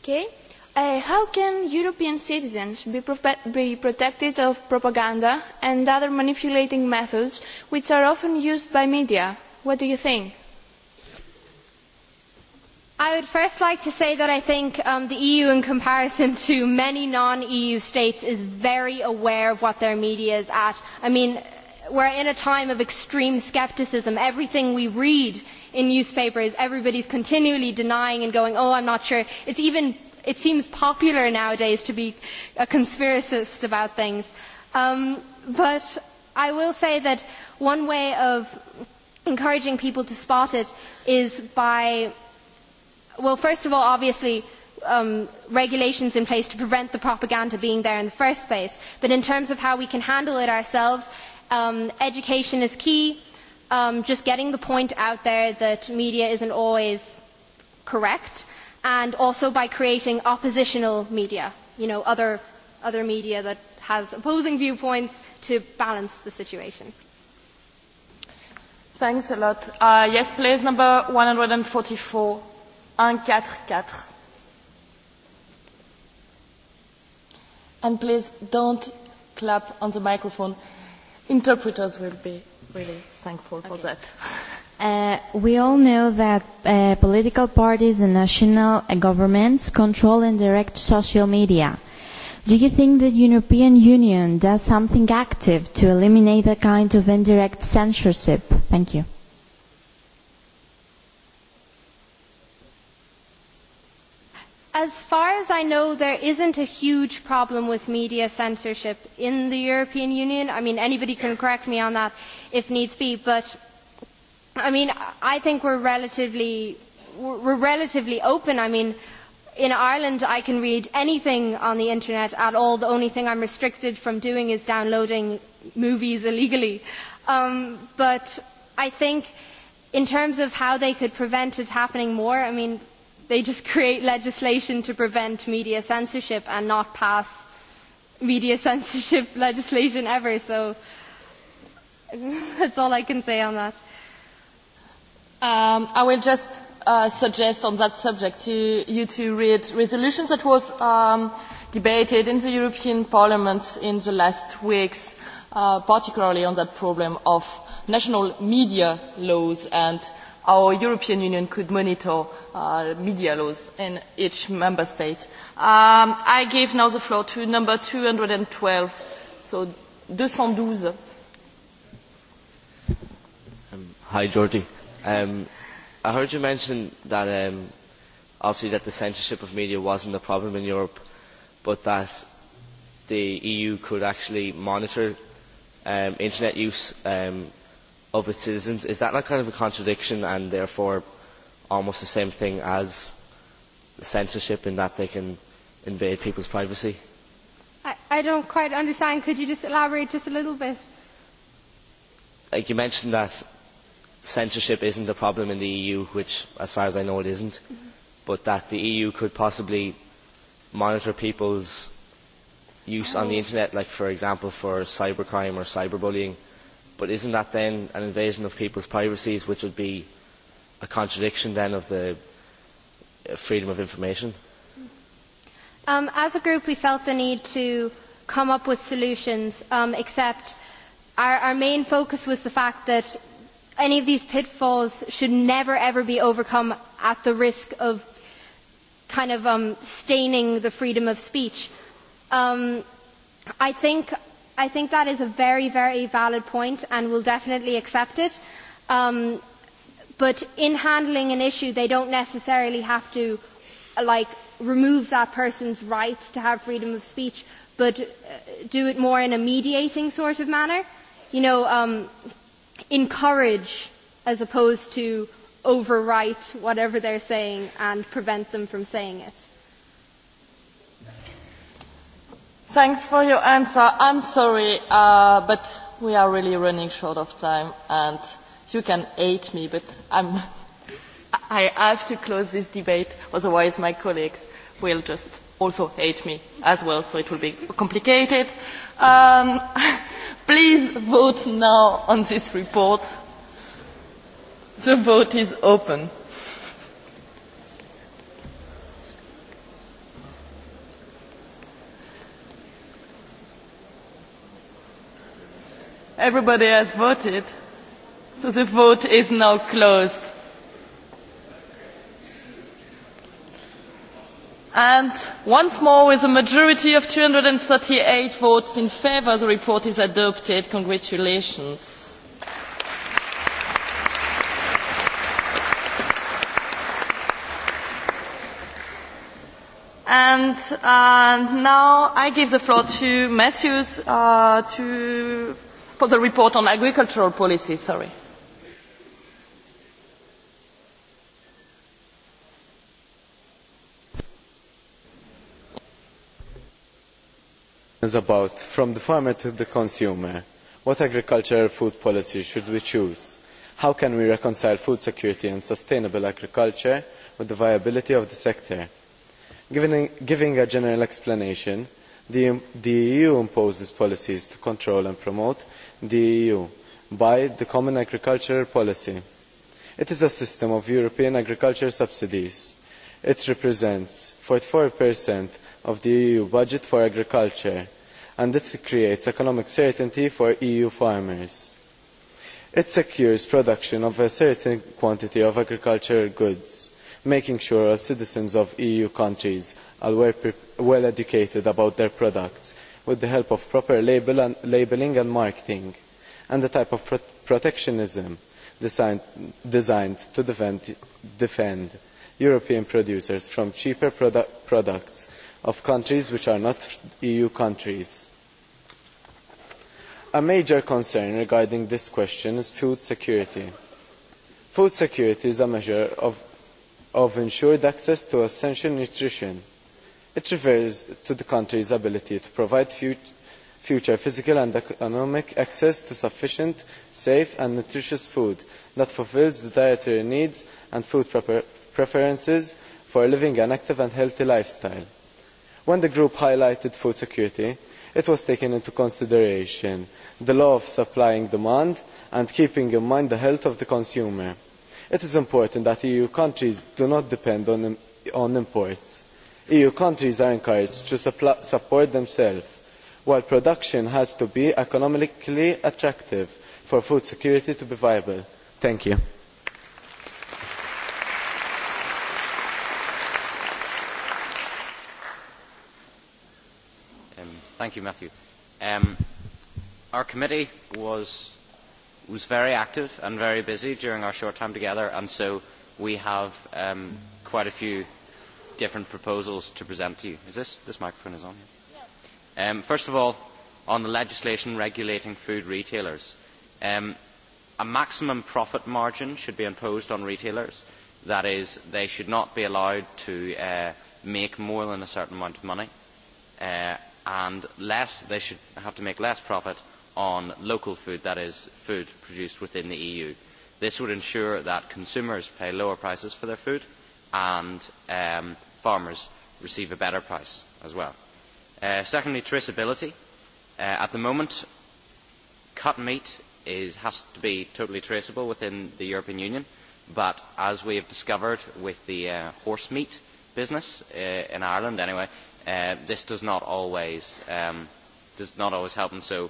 Okay. Uh, how can European citizens be, pro be protected of propaganda and other manipulating methods which are often used by media? What do you think? I would first like to say that I think um, the EU, in comparison to many non-EU states, is very aware of what their media is at. I mean, we're in a time of extreme scepticism. Everything we read in newspapers, everybody's continually denying and going, "Oh, I'm not sure." It's even it seems popular nowadays to be a conspiracist about things. Um, but I will say that one way of encouraging people to spot it is by well, first of all, obviously, um, regulations in place to prevent the propaganda being there in the first place. But in terms of how we can handle it ourselves, um, education is key. Um, just getting the point out there that media isn't always correct, and also by creating oppositional media, you know, other, other media that has opposing viewpoints to balance the situation. Thanks a lot. Uh, yes, please, number 144. Un quatre quatre. And please don't clap on the microphone. Interpreters will be really thankful okay. for that. Uh, we all know that uh, political parties and national uh, governments control and direct social media. Do you think the European Union does something active to eliminate the kind of indirect censorship? Thank you. as far as I know, there isn't a huge problem with media censorship in the European Union. I mean, anybody can correct me on that if needs be, but I mean, I think we're relatively, we're relatively open. I mean, in Ireland, I can read anything on the internet at all. The only thing I'm restricted from doing is downloading movies illegally. Um, but I think in terms of how they could prevent it happening more, I mean, they just create legislation to prevent media censorship and not pass media censorship legislation ever. So that's all I can say on that. Um, I will just uh, suggest on that subject to you to read resolutions that was um, debated in the European Parliament in the last weeks, uh, particularly on that problem of national media laws and our European Union could monitor uh, media laws in each member state. Um, I give now the floor to number 212, so 212. Um, hi, Georgie. Um, I heard you mention that um, obviously that the censorship of media wasn't a problem in Europe, but that the EU could actually monitor um, internet use um, of its citizens. Is that not kind of a contradiction and therefore almost the same thing as censorship in that they can invade people's privacy? I, I don't quite understand. Could you just elaborate just a little bit? Like you mentioned that censorship isn't a problem in the EU, which, as far as I know, it isn't, mm -hmm. but that the EU could possibly monitor people's use oh. on the oh. internet, like, for example, for cybercrime or cyberbullying But isn't that then an invasion of people's privacies, which would be a contradiction then of the uh, freedom of information? Um, as a group, we felt the need to come up with solutions, um, except our, our main focus was the fact that any of these pitfalls should never, ever be overcome at the risk of kind of um, staining the freedom of speech. Um, I think i think that is a very, very valid point and will definitely accept it. Um, but in handling an issue, they don't necessarily have to like remove that person's right to have freedom of speech, but uh, do it more in a mediating sort of manner. You know, um, encourage as opposed to overwrite whatever they're saying and prevent them from saying it. Thanks for your answer. I'm sorry, uh, but we are really running short of time, and you can hate me, but I'm, I have to close this debate, otherwise my colleagues will just also hate me as well, so it will be complicated. Um, please vote now on this report. The vote is open. Everybody has voted. So the vote is now closed. And once more, with a majority of 238 votes in favour, the report is adopted. Congratulations. And uh, now I give the floor to Matthews uh, to for the report on agricultural policy, sorry. about from the farmer to the consumer what agricultural food policy should we choose how can we reconcile food security and sustainable agriculture with the viability of the sector giving, giving a general explanation the, the eu imposes policies to control and promote the eu by the common agricultural policy. it is a system of european agricultural subsidies. it represents forty four of the eu budget for agriculture and it creates economic certainty for eu farmers. it secures production of a certain quantity of agricultural goods making sure all citizens of eu countries are well educated about their products with the help of proper labelling and marketing and a type of protectionism designed, to defend, european producers from cheaper products of countries which are not eu countries. a major concern regarding this question is food security. food security is a measure of ensured access to essential nutrition it refers to the country's ability to provide future physical and economic access to sufficient safe and nutritious food that fulfils the dietary needs and food preferences for living an active and healthy lifestyle. when the group highlighted food security it was taking into consideration the law of supply and demand and keeping in mind the health of the consumer. it is important that eu countries do not depend on imports eu countries are encouraged to support themselves while production has to be economically attractive for food security to be viable. thank you. Um, Matthew. Um, our committee was, very active and very busy during our short time together, and so we have um, quite a few different proposals to present to you. Is this, this microphone is on? Yeah. Um, first of all, on the legislation regulating food retailers. Um, a maximum profit margin should be imposed on retailers. That is, they should not be allowed to uh, make more than a certain amount of money, uh, and less, they should have to make less profit on local food, that is, food produced within the EU. This would ensure that consumers pay lower prices for their food and um, farmers receive a better price as well. Uh, secondly, traceability. Uh, at the moment, cut meat is, has to be totally traceable within the European Union, but as we have discovered with the uh, horse meat business uh, in Ireland, anyway, uh, this does not always um, does not always help and So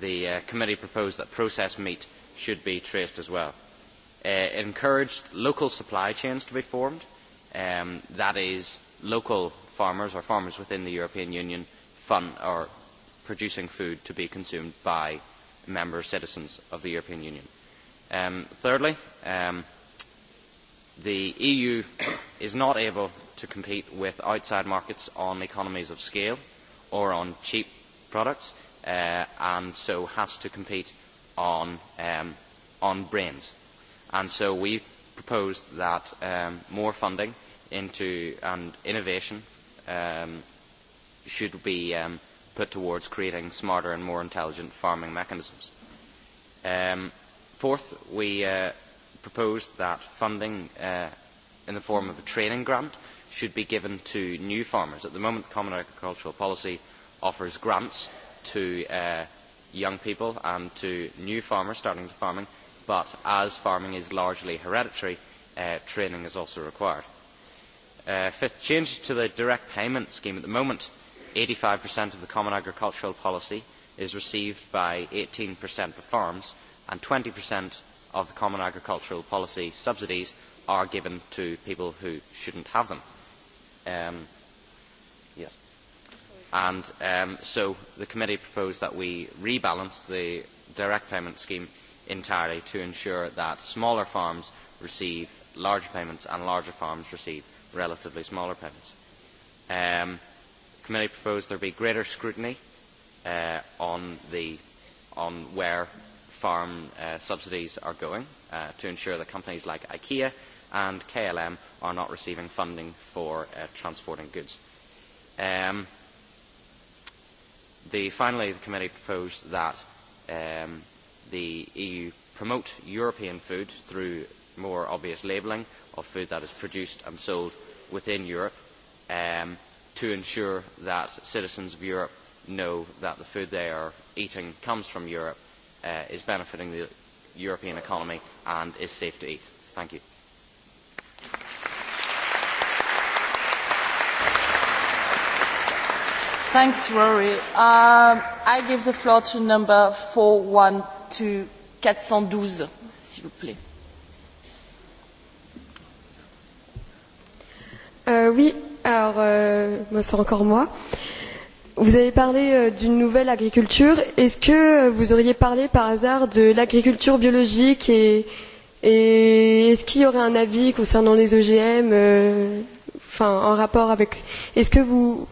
the uh, committee proposed that processed meat should be traced as well. Uh, it encouraged local supply chains to be formed um, that is local farmers or farmers within the European Union fun or producing food to be consumed by member citizens of the European Union. Um, thirdly, um, the EU is not able to compete with outside markets on economies of scale or on cheap products uh, and so has to compete on, um, on brains. And so we propose that um, more funding into and innovation um, should be um, put towards creating smarter and more intelligent farming mechanisms. Um, fourth, we uh, that funding uh, in the form of a training grant should be given to new farmers. At the moment, the Common Agricultural Policy offers grants to uh, young people and to new farmers starting to farming, but as farming is largely hereditary, uh, training is also required Uh, fifth, change to the direct payment scheme. At the moment, eighty five of the common agricultural policy is received by cent of farms, and cent of the common agricultural policy subsidies are given to people who shouldn't have them. Um, yes. And um, so the committee proposed that we rebalance the direct payment scheme entirely to ensure that smaller farms receive larger payments and larger farms receive relatively smaller payments. Um, the committee proposed there be greater scrutiny uh, on, the, on where farm uh, subsidies are going uh, to ensure that companies like IKEA and KLM are not receiving funding for uh, transporting goods. Um, the, finally, the committee proposed that um, the EU promote European food through more obvious labelling of food that is produced and sold within Europe um, to ensure that citizens of Europe know that the food they are eating comes from Europe, uh, is benefiting the European economy and is safe to eat. Thank you. Thanks, Rory. Um, I give the floor to number 412, 412, s'il vous plaît. Euh, oui, alors euh, c'est encore moi. Vous avez parlé euh, d'une nouvelle agriculture. Est-ce que euh, vous auriez parlé par hasard de l'agriculture biologique et, et est-ce qu'il y aurait un avis concernant les OGM euh, enfin, en rapport avec... Est-ce que vous,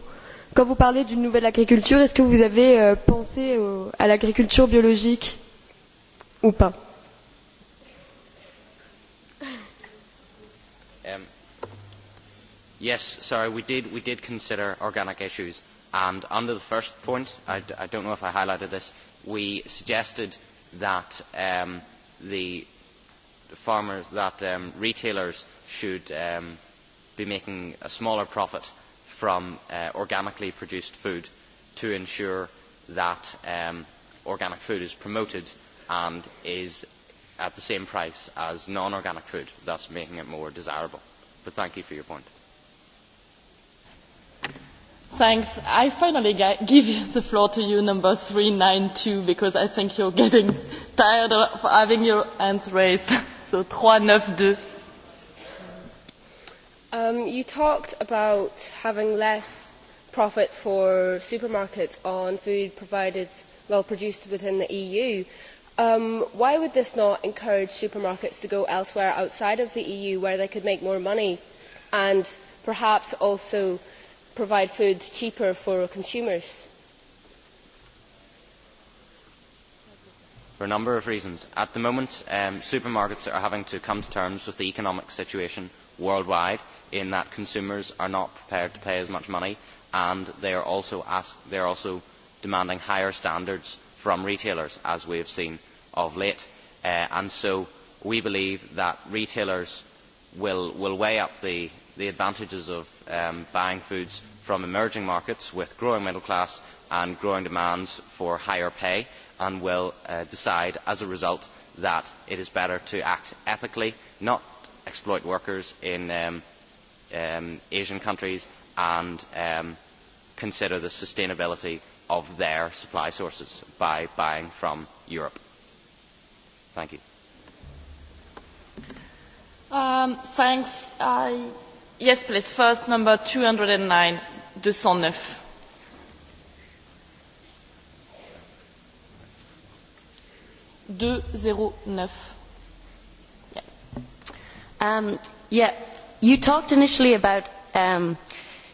quand vous parlez d'une nouvelle agriculture, est-ce que vous avez euh, pensé au, à l'agriculture biologique ou pas Yes, sorry, we did, we did consider organic issues. And under the first point, I, I don't know if I highlighted this, we suggested that um, the farmers, that um, retailers should um, be making a smaller profit from uh, organically produced food to ensure that um, organic food is promoted and is at the same price as non-organic food, thus making it more desirable. But thank you for your point. I finally give the floor to you, number three nine, two, because I think you are getting tired of having your hands raised. So 392. Um, you talked about having less profit for supermarkets on food provided, well, produced within the EU. Um, why would this not encourage supermarkets to go elsewhere outside of the EU where they could make more money and perhaps also provide food cheaper for consumers? For a number of reasons. At the moment, um, supermarkets are having to come to terms with the economic situation worldwide in that consumers are not prepared to pay as much money and they are also, ask, they are also demanding higher standards from retailers, as we have seen of late. Uh, and so we believe that retailers will, will weigh up the, the advantages of um, buying foods from emerging markets with growing middle class and growing demands for higher pay and will uh, decide as a result that it is better to act ethically, not exploit workers in um, um, Asian countries and um, consider the sustainability of their supply sources by buying from Europe. Thank you. Um, thanks. I Yes, please. First, number 209, 209. Deux zéro Um, yeah, you talked initially about um,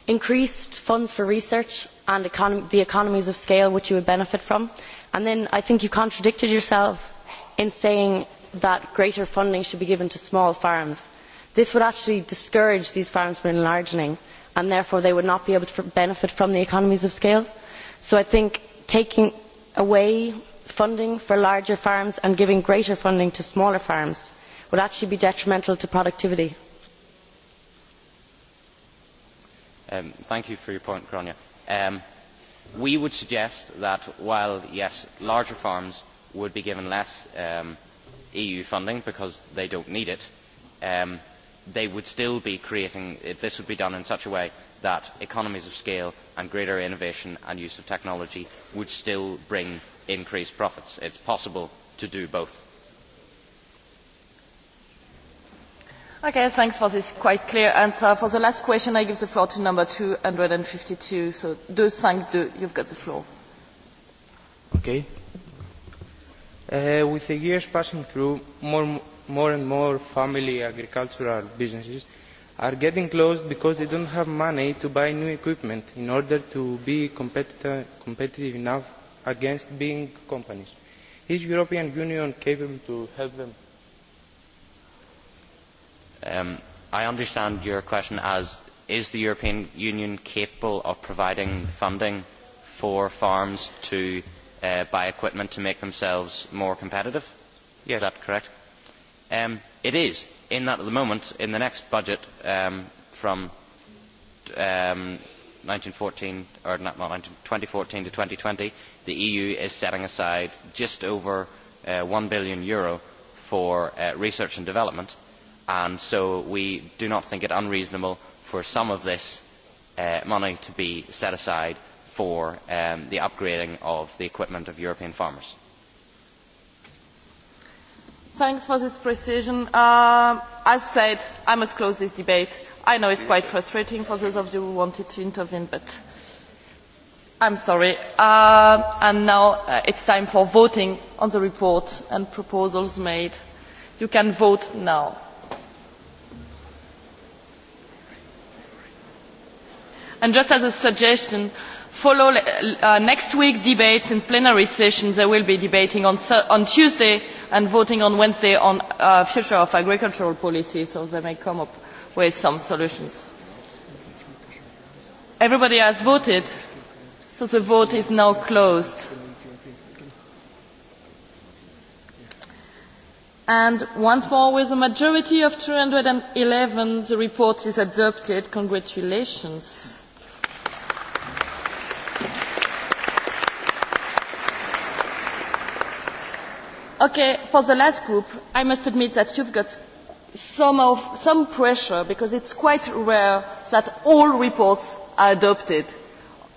increased funds for research and econ the economies of scale which you would benefit from, and then I think you contradicted yourself in saying that greater funding should be given to small farms this would actually discourage these farms from enlarging and therefore they would not be able to benefit from the economies of scale. so i think taking away funding for larger farms and giving greater funding to smaller farms would actually be detrimental to productivity. Um, thank you for your point, Grania. Um, we would suggest that while, yes, larger farms would be given less um, EU funding because they don't need it, um, they would still be creating, this would be done in such a way that economies of scale and greater innovation and use of technology would still bring increased profits. It is possible to do both. Okay, thanks for this quite clear answer. For the last question, I give the floor to number 252, so 252, you've got the floor. Okay. Uh, with the years passing through, more more and more family agricultural businesses are getting closed because they don't have money to buy new equipment in order to be competitive, competitive enough against being companies. Is European Union capable to help them? Um, I understand your question as is the European Union capable of providing funding for farms to uh, buy equipment to make themselves more competitive? Yes. Is that correct? Um, it is in that at the moment, in the next budget um, from um, two thousand or fourteen to two thousand and twenty the EU is setting aside just over EUR uh, one billion for uh, research and development, and so we do not think it unreasonable for some of this uh, money to be set aside for the upgrading of the equipment of European farmers. Thanks for this precision. Uh, as said, I must close this debate. I know it's quite frustrating for those of you who wanted to intervene, but I'm sorry. Uh, and now uh, it's time for voting on the report and proposals made. You can vote now. And just as a suggestion, follow uh, next week debates in plenary sessions. there will be debating on, on Tuesday and voting on Wednesday on the uh, future of agricultural policy, so they may come up with some solutions. Everybody has voted, so the vote is now closed. And once more, with a majority of 211, the report is adopted. Congratulations. Okay, for the last group, I must admit that you've got some, of, some pressure because it is quite rare that all reports are adopted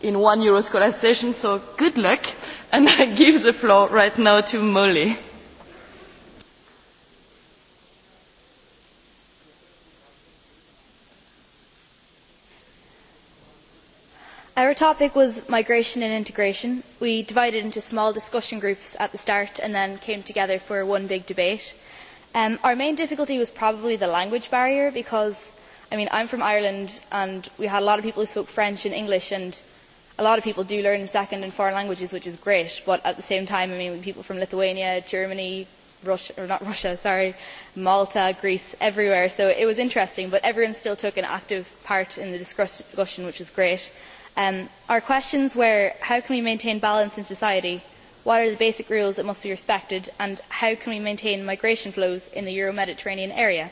in one Euroscholar session, so good luck, and I give the floor right now to Molly. our topic was migration and integration. we divided into small discussion groups at the start and then came together for one big debate. Um, our main difficulty was probably the language barrier because i mean, am from ireland and we had a lot of people who spoke french and english and a lot of people do learn second and foreign languages which is great but at the same time I mean, people from lithuania germany russia or not russia sorry malta greece everywhere so it was interesting but everyone still took an active part in the discussion which was great. Um, our questions were how can we maintain balance in society? What are the basic rules that must be respected? And how can we maintain migration flows in the Euro Mediterranean area?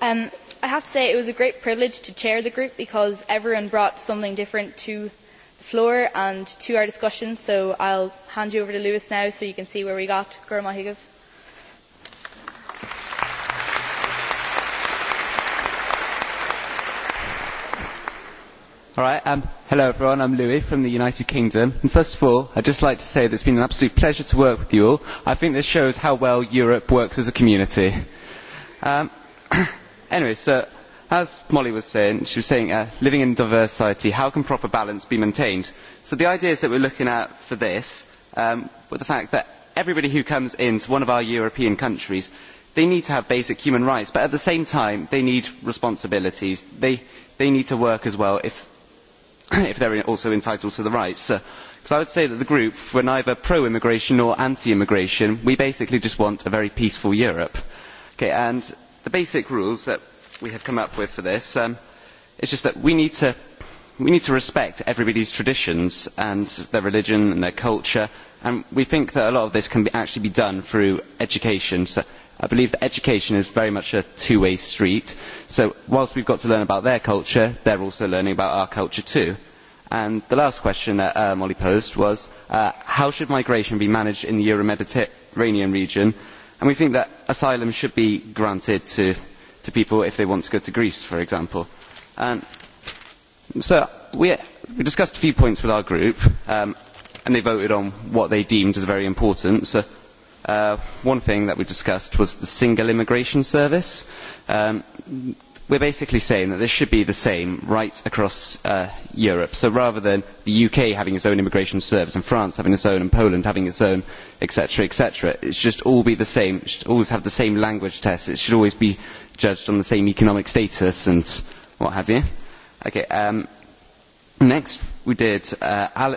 Um, I have to say it was a great privilege to chair the group because everyone brought something different to the floor and to our discussion. So I'll hand you over to Lewis now so you can see where we got. Gurmahigav. Mr. President, um, hello everyone, I am Louis from the United Kingdom. And first of all, I would just like to say that it has been an absolute pleasure to work with you all. I think this shows how well Europe works as a community. Um, anyway, so as Molly was saying, she was saying uh, living in diverse society, how can proper balance be maintained? So the ideas that we are looking at for this um, were the fact that everybody who comes into one of our European countries, they need to have basic human rights, but at the same time, they need responsibilities. They, they need to work as well if if they are also entitled to the rights. Uh, so I would say that the group, were neither pro-immigration nor anti-immigration. We basically just want a very peaceful Europe. Okay, and the basic rules that we have come up with for this um, is just that we need to we need to respect everybody's traditions and their religion and their culture and we think that a lot of this can be, actually be done through education so i believe that education is very much a two-way street. So whilst we have got to learn about their culture, they are also learning about our culture too. the last question that uh, Molly posed was, uh, how should migration be managed in the Euro-Mediterranean region? And we think that asylum should be granted to, people if they want to go to Greece, for example. we, discussed a few points with our group, um, and they voted on what they deemed as very important. So Uh, one thing that we discussed was the single immigration service. Um, we are basically saying that this should be the same right across uh, Europe. So rather than the UK having its own immigration service and France having its own and Poland having its own, etc., etc., it should just all be the same. It should always have the same language test. It should always be judged on the same economic status and what have you. Okay, um, next, we did uh, all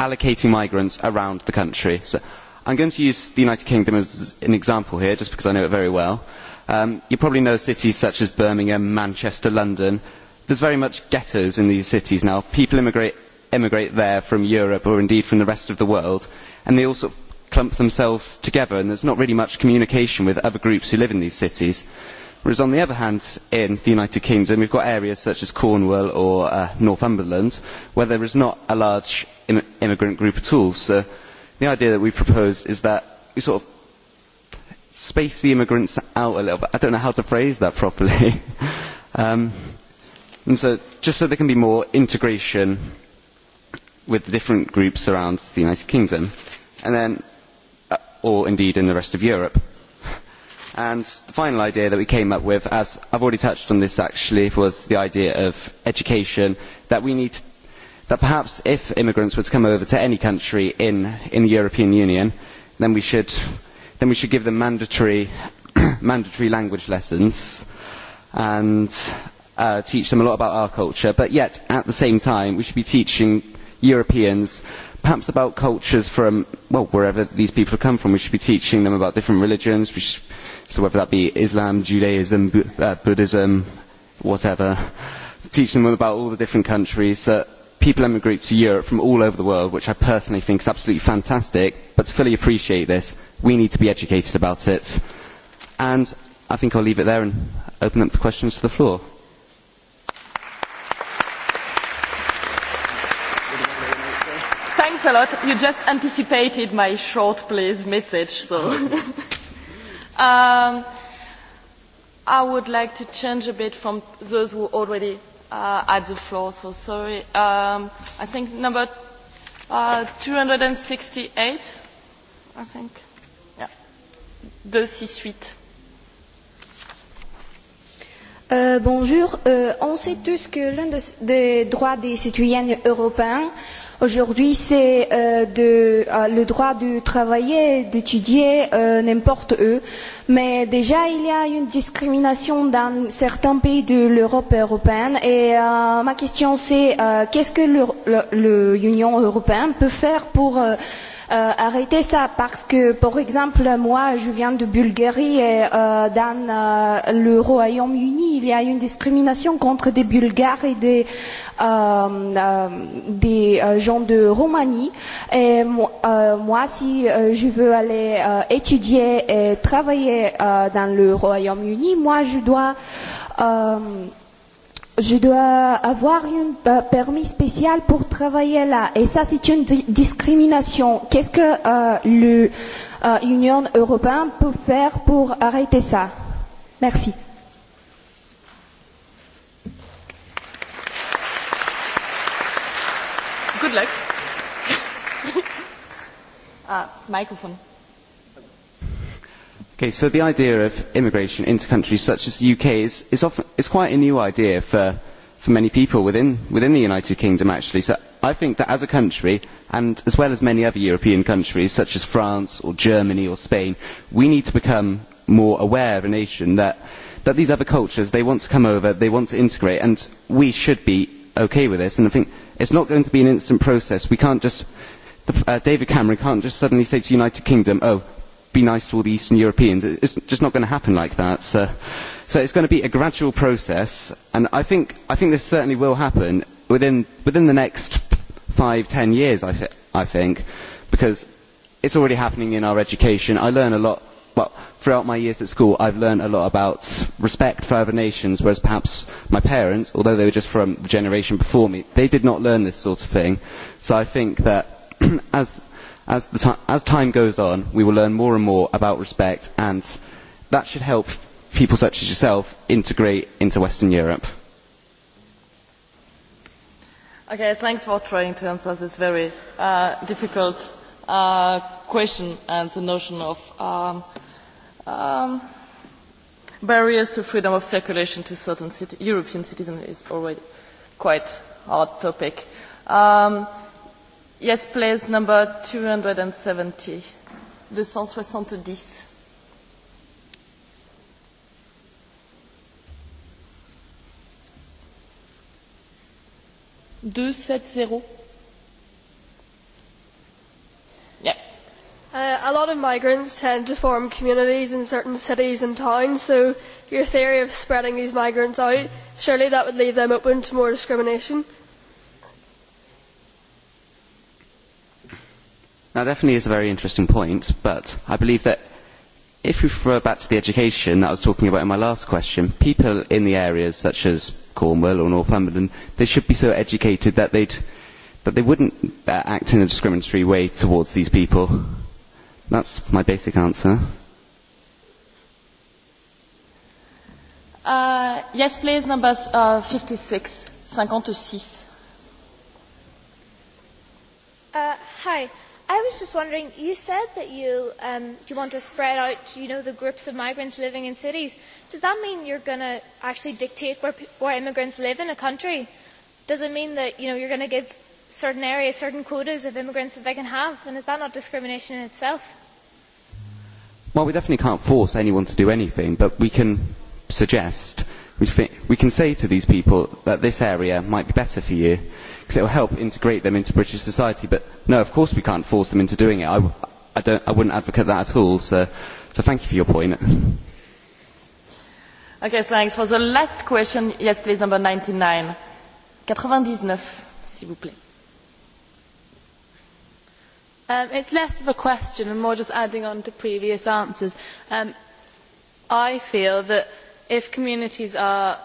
allocating migrants around the country. So I'm going to use the United Kingdom as an example here, just because I know it very well. Um, you probably know cities such as Birmingham, Manchester, London. There's very much ghettos in these cities now. People immigrate, emigrate there from Europe or indeed from the rest of the world, and they all sort of clump themselves together, and there's not really much communication with other groups who live in these cities. Whereas on the other hand, in the United Kingdom, we've got areas such as Cornwall or uh, Northumberland where there is not a large Im immigrant group at all. So the idea that we proposed is that we sort of space the immigrants out a little bit. I don't know how to phrase that properly. um, and so just so there can be more integration with the different groups around the United Kingdom, and then, uh, or indeed in the rest of Europe. And the final idea that we came up with, as I've already touched on this actually, was the idea of education, that we need to that perhaps if immigrants were to come over to any country in, in the European Union, then we should, then we should give them mandatory, mandatory language lessons and uh, teach them a lot about our culture. But yet, at the same time, we should be teaching Europeans perhaps about cultures from, well, wherever these people come from. We should be teaching them about different religions, should, so whether that be Islam, Judaism, uh, Buddhism, whatever. teaching them about all the different countries that people emigrate to Europe from all over the world, which I personally think is absolutely fantastic. But to fully appreciate this, we need to be educated about it. And I think I'll leave it there and open up the questions to the floor. Thanks a lot. You just anticipated my short please message. So. um, I would like to change a bit from those who already uh, at the floor, so sorry. Um, I think number uh, 268, I think. Yeah. 268. Euh, bonjour. Euh, on sait tous que l'un des, des droits des citoyens européens Aujourd'hui, c'est euh, euh, le droit de travailler, d'étudier euh, n'importe où. Mais déjà, il y a une discrimination dans certains pays de l'Europe européenne. Et euh, ma question, c'est euh, qu'est-ce que l'Union européenne peut faire pour euh, Euh, arrêter ça parce que, par exemple, moi, je viens de Bulgarie et euh, dans euh, le Royaume-Uni, il y a une discrimination contre des Bulgares et des, euh, euh des euh, gens de Roumanie. Et moi, si je veux aller étudier et travailler dans le Royaume-Uni, moi, je dois je dois avoir un euh, permis spécial pour travailler là. Et ça, c'est une di discrimination. Qu'est-ce que euh, l'Union euh, européenne peut faire pour arrêter ça Merci. Good luck. ah, microphone so the idea of immigration into countries such as the UK is, is, often, is quite a new idea for, for many people within, within the United Kingdom, actually. So I think that as a country, and as well as many other European countries, such as France or Germany or Spain, we need to become more aware of a nation that, that these other cultures, they want to come over, they want to integrate, and we should be okay with this. And I think it's not going to be an instant process. We can't just, uh, David Cameron can't just suddenly say to the United Kingdom, oh, be nice to all the Eastern Europeans. It's just not going to happen like that. So, so it's going to be a gradual process, and I think, I think this certainly will happen within, within the next five, ten years, I, th- I think, because it's already happening in our education. I learn a lot, well, throughout my years at school, I've learned a lot about respect for other nations, whereas perhaps my parents, although they were just from the generation before me, they did not learn this sort of thing. So I think that as As, the as time goes on, we will learn more and more about respect, and that should help people such as yourself integrate into Western Europe. Okay, thanks for trying to answer this very uh, difficult uh, question and the notion of um, um, barriers to freedom of circulation to certain cit- European citizens is already quite hard topic. Um, Yes, please, number 270. 270. Deux sept zéro. Uh, a lot of migrants tend to form communities in certain cities and towns, so your theory of spreading these migrants out, surely that would leave them open to more discrimination. That definitely is a very interesting point, but I believe that if we refer back to the education that I was talking about in my last question, people in the areas such as Cornwall or Northumberland, they should be so educated that, they'd, that they wouldn't uh, act in a discriminatory way towards these people. That's my basic answer. Uh, yes, please, number uh, 56, 56. Uh, hi. I was just wondering, you said that you, um, you want to spread out, you know, the groups of migrants living in cities. Does that mean you're going to actually dictate where, where immigrants live in a country? Does it mean that, you know, you're going to give certain areas certain quotas of immigrants that they can have? And is that not discrimination in itself? Well, we definitely can't force anyone to do anything, but we can suggest we, can say to these people that this area might be better for you because it will help integrate them into British society. But no, of course we can't force them into doing it. I, I, don't, I advocate that at all. So, so thank you for your point. Okay, thanks. For the last question, yes, please, number 99. 99, s'il vous plaît. Um, it's less of a question and more just adding on to previous answers. Um, I feel that if communities are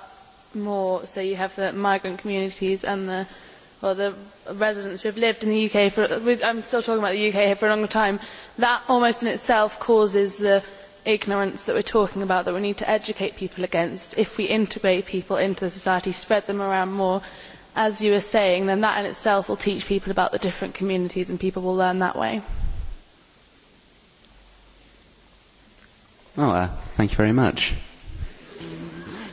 more, so you have the migrant communities and the, well, the residents who have lived in the UK for, we, I'm still talking about the UK here for a long time, that almost in itself causes the ignorance that we are talking about that we need to educate people against. If we integrate people into the society, spread them around more, as you were saying, then that in itself will teach people about the different communities and people will learn that way. Oh, uh, thank you very much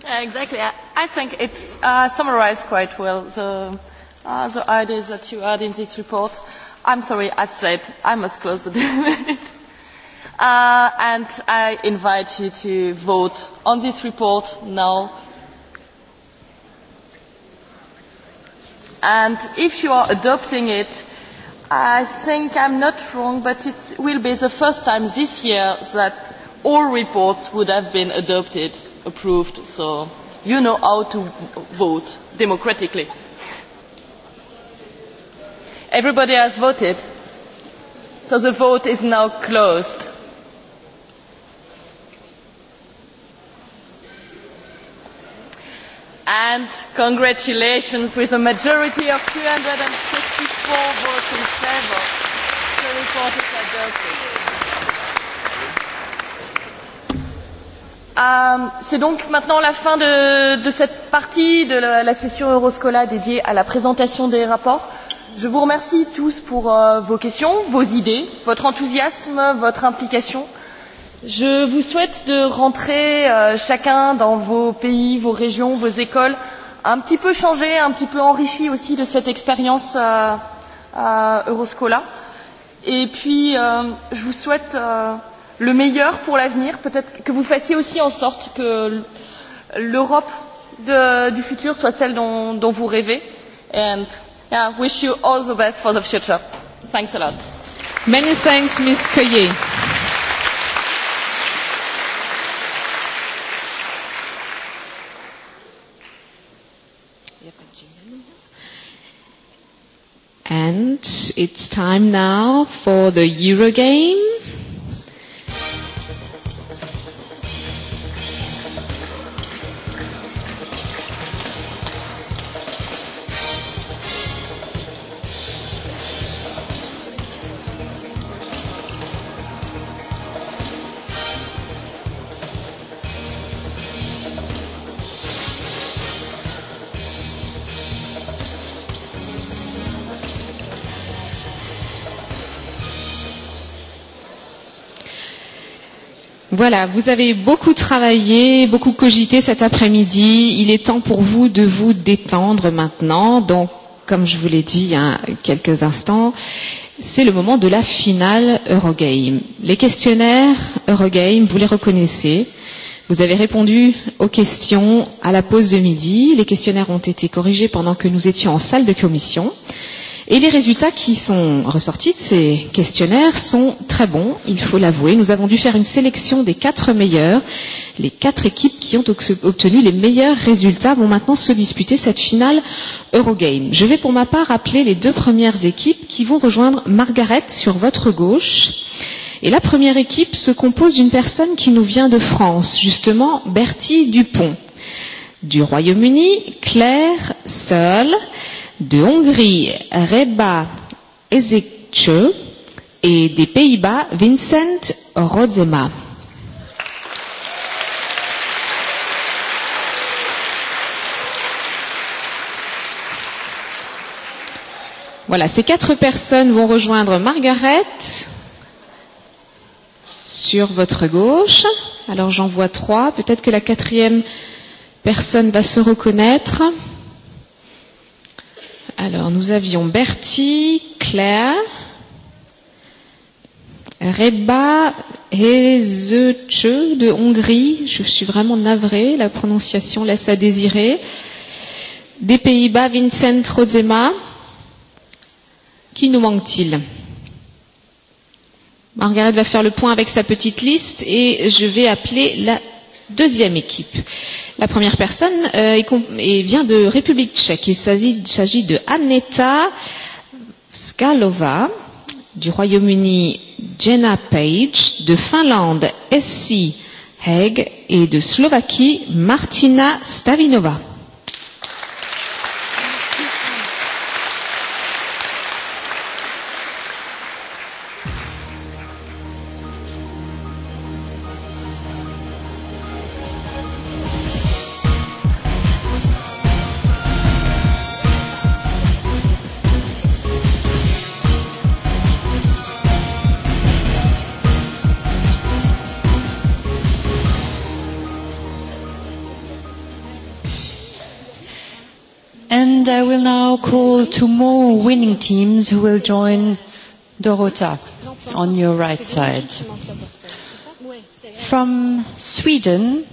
exactly. I think it uh, summarized quite well the, uh, the ideas that you had in this report. I'm sorry, I said I must close the debate. uh, and I invite you to vote on this report now. And if you are adopting it, I think I'm not wrong, but it will be the first time this year that all reports would have been adopted approved, so you know how to vote democratically. Everybody has voted, so the vote is now closed. And congratulations with a majority of 264 votes in favor. The report Euh, c'est donc maintenant la fin de, de cette partie de la, la session Euroscola dédiée à la présentation des rapports. Je vous remercie tous pour euh, vos questions, vos idées, votre enthousiasme, votre implication. Je vous souhaite de rentrer euh, chacun dans vos pays, vos régions, vos écoles, un petit peu changé, un petit peu enrichi aussi de cette expérience euh, euh, Euroscola. Et puis, euh, je vous souhaite. Euh, le meilleur pour l'avenir, peut-être que vous fassiez aussi en sorte que l'Europe du futur soit celle dont, dont vous rêvez. And yeah, wish you all the best for the future. Thanks a lot. Many thanks, Ms. Cueillet. And it's time now for the Eurogame. Voilà, vous avez beaucoup travaillé, beaucoup cogité cet après-midi. Il est temps pour vous de vous détendre maintenant. Donc, comme je vous l'ai dit il y a quelques instants, c'est le moment de la finale Eurogame. Les questionnaires Eurogame, vous les reconnaissez. Vous avez répondu aux questions à la pause de midi. Les questionnaires ont été corrigés pendant que nous étions en salle de commission. Et les résultats qui sont ressortis de ces questionnaires sont très bons, il faut l'avouer. Nous avons dû faire une sélection des quatre meilleurs, les quatre équipes qui ont obtenu les meilleurs résultats vont maintenant se disputer cette finale Eurogame. Je vais pour ma part rappeler les deux premières équipes qui vont rejoindre Margaret sur votre gauche. Et la première équipe se compose d'une personne qui nous vient de France, justement Bertie Dupont. Du Royaume-Uni, Claire Seul de Hongrie, Reba Ezekce et des Pays-Bas, Vincent Rodzema. Voilà, ces quatre personnes vont rejoindre Margaret sur votre gauche. Alors j'en vois trois. Peut-être que la quatrième personne va se reconnaître. Alors, nous avions Bertie, Claire, Reba Hezeche de Hongrie. Je suis vraiment navrée, la prononciation laisse à désirer. Des Pays-Bas, Vincent Rosema. Qui nous manque-t-il Margaret va faire le point avec sa petite liste et je vais appeler la deuxième équipe. La première personne euh, est, est, vient de République tchèque. Il s'agit de Aneta Skalova, du Royaume-Uni Jenna Page, de Finlande Essie Haig et de Slovaquie Martina Stavinova. And I will now call two more winning teams who will join Dorota on your right side. From Sweden,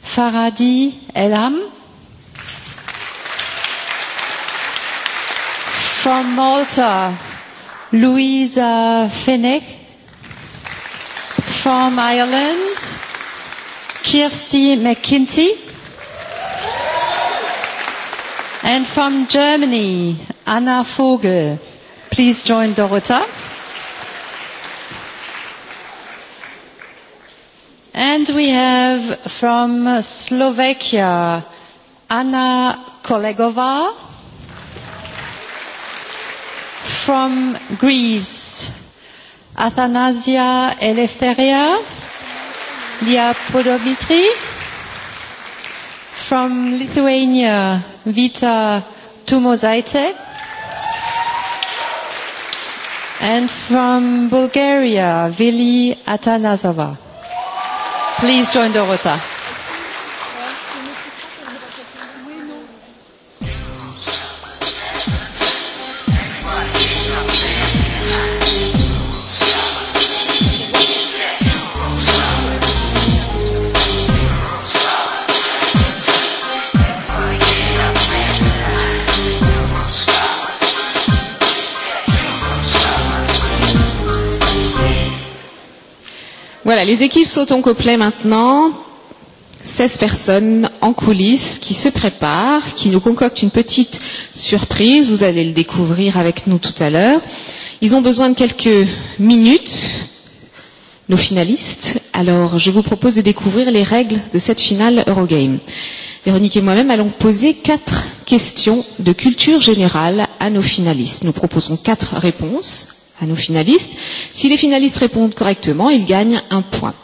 Faradi Elham. From Malta, Louisa Fenech. From Ireland, Kirsty McKinsey. And from Germany, Anna Vogel. Please join Dorota. And we have from Slovakia, Anna Kolegova. From Greece, Athanasia Eleftheria, Lia Podomitri. From Lithuania, Vita Tumozaitse. And from Bulgaria, Vili Atanasova. Please join Dorota. les équipes sautent en copelet maintenant. 16 personnes en coulisses qui se préparent, qui nous concoctent une petite surprise. Vous allez le découvrir avec nous tout à l'heure. Ils ont besoin de quelques minutes, nos finalistes. Alors, je vous propose de découvrir les règles de cette finale Eurogame. Véronique et moi-même allons poser quatre questions de culture générale à nos finalistes. Nous proposons quatre réponses à nos finalistes. Si les finalistes répondent correctement, ils gagnent un point.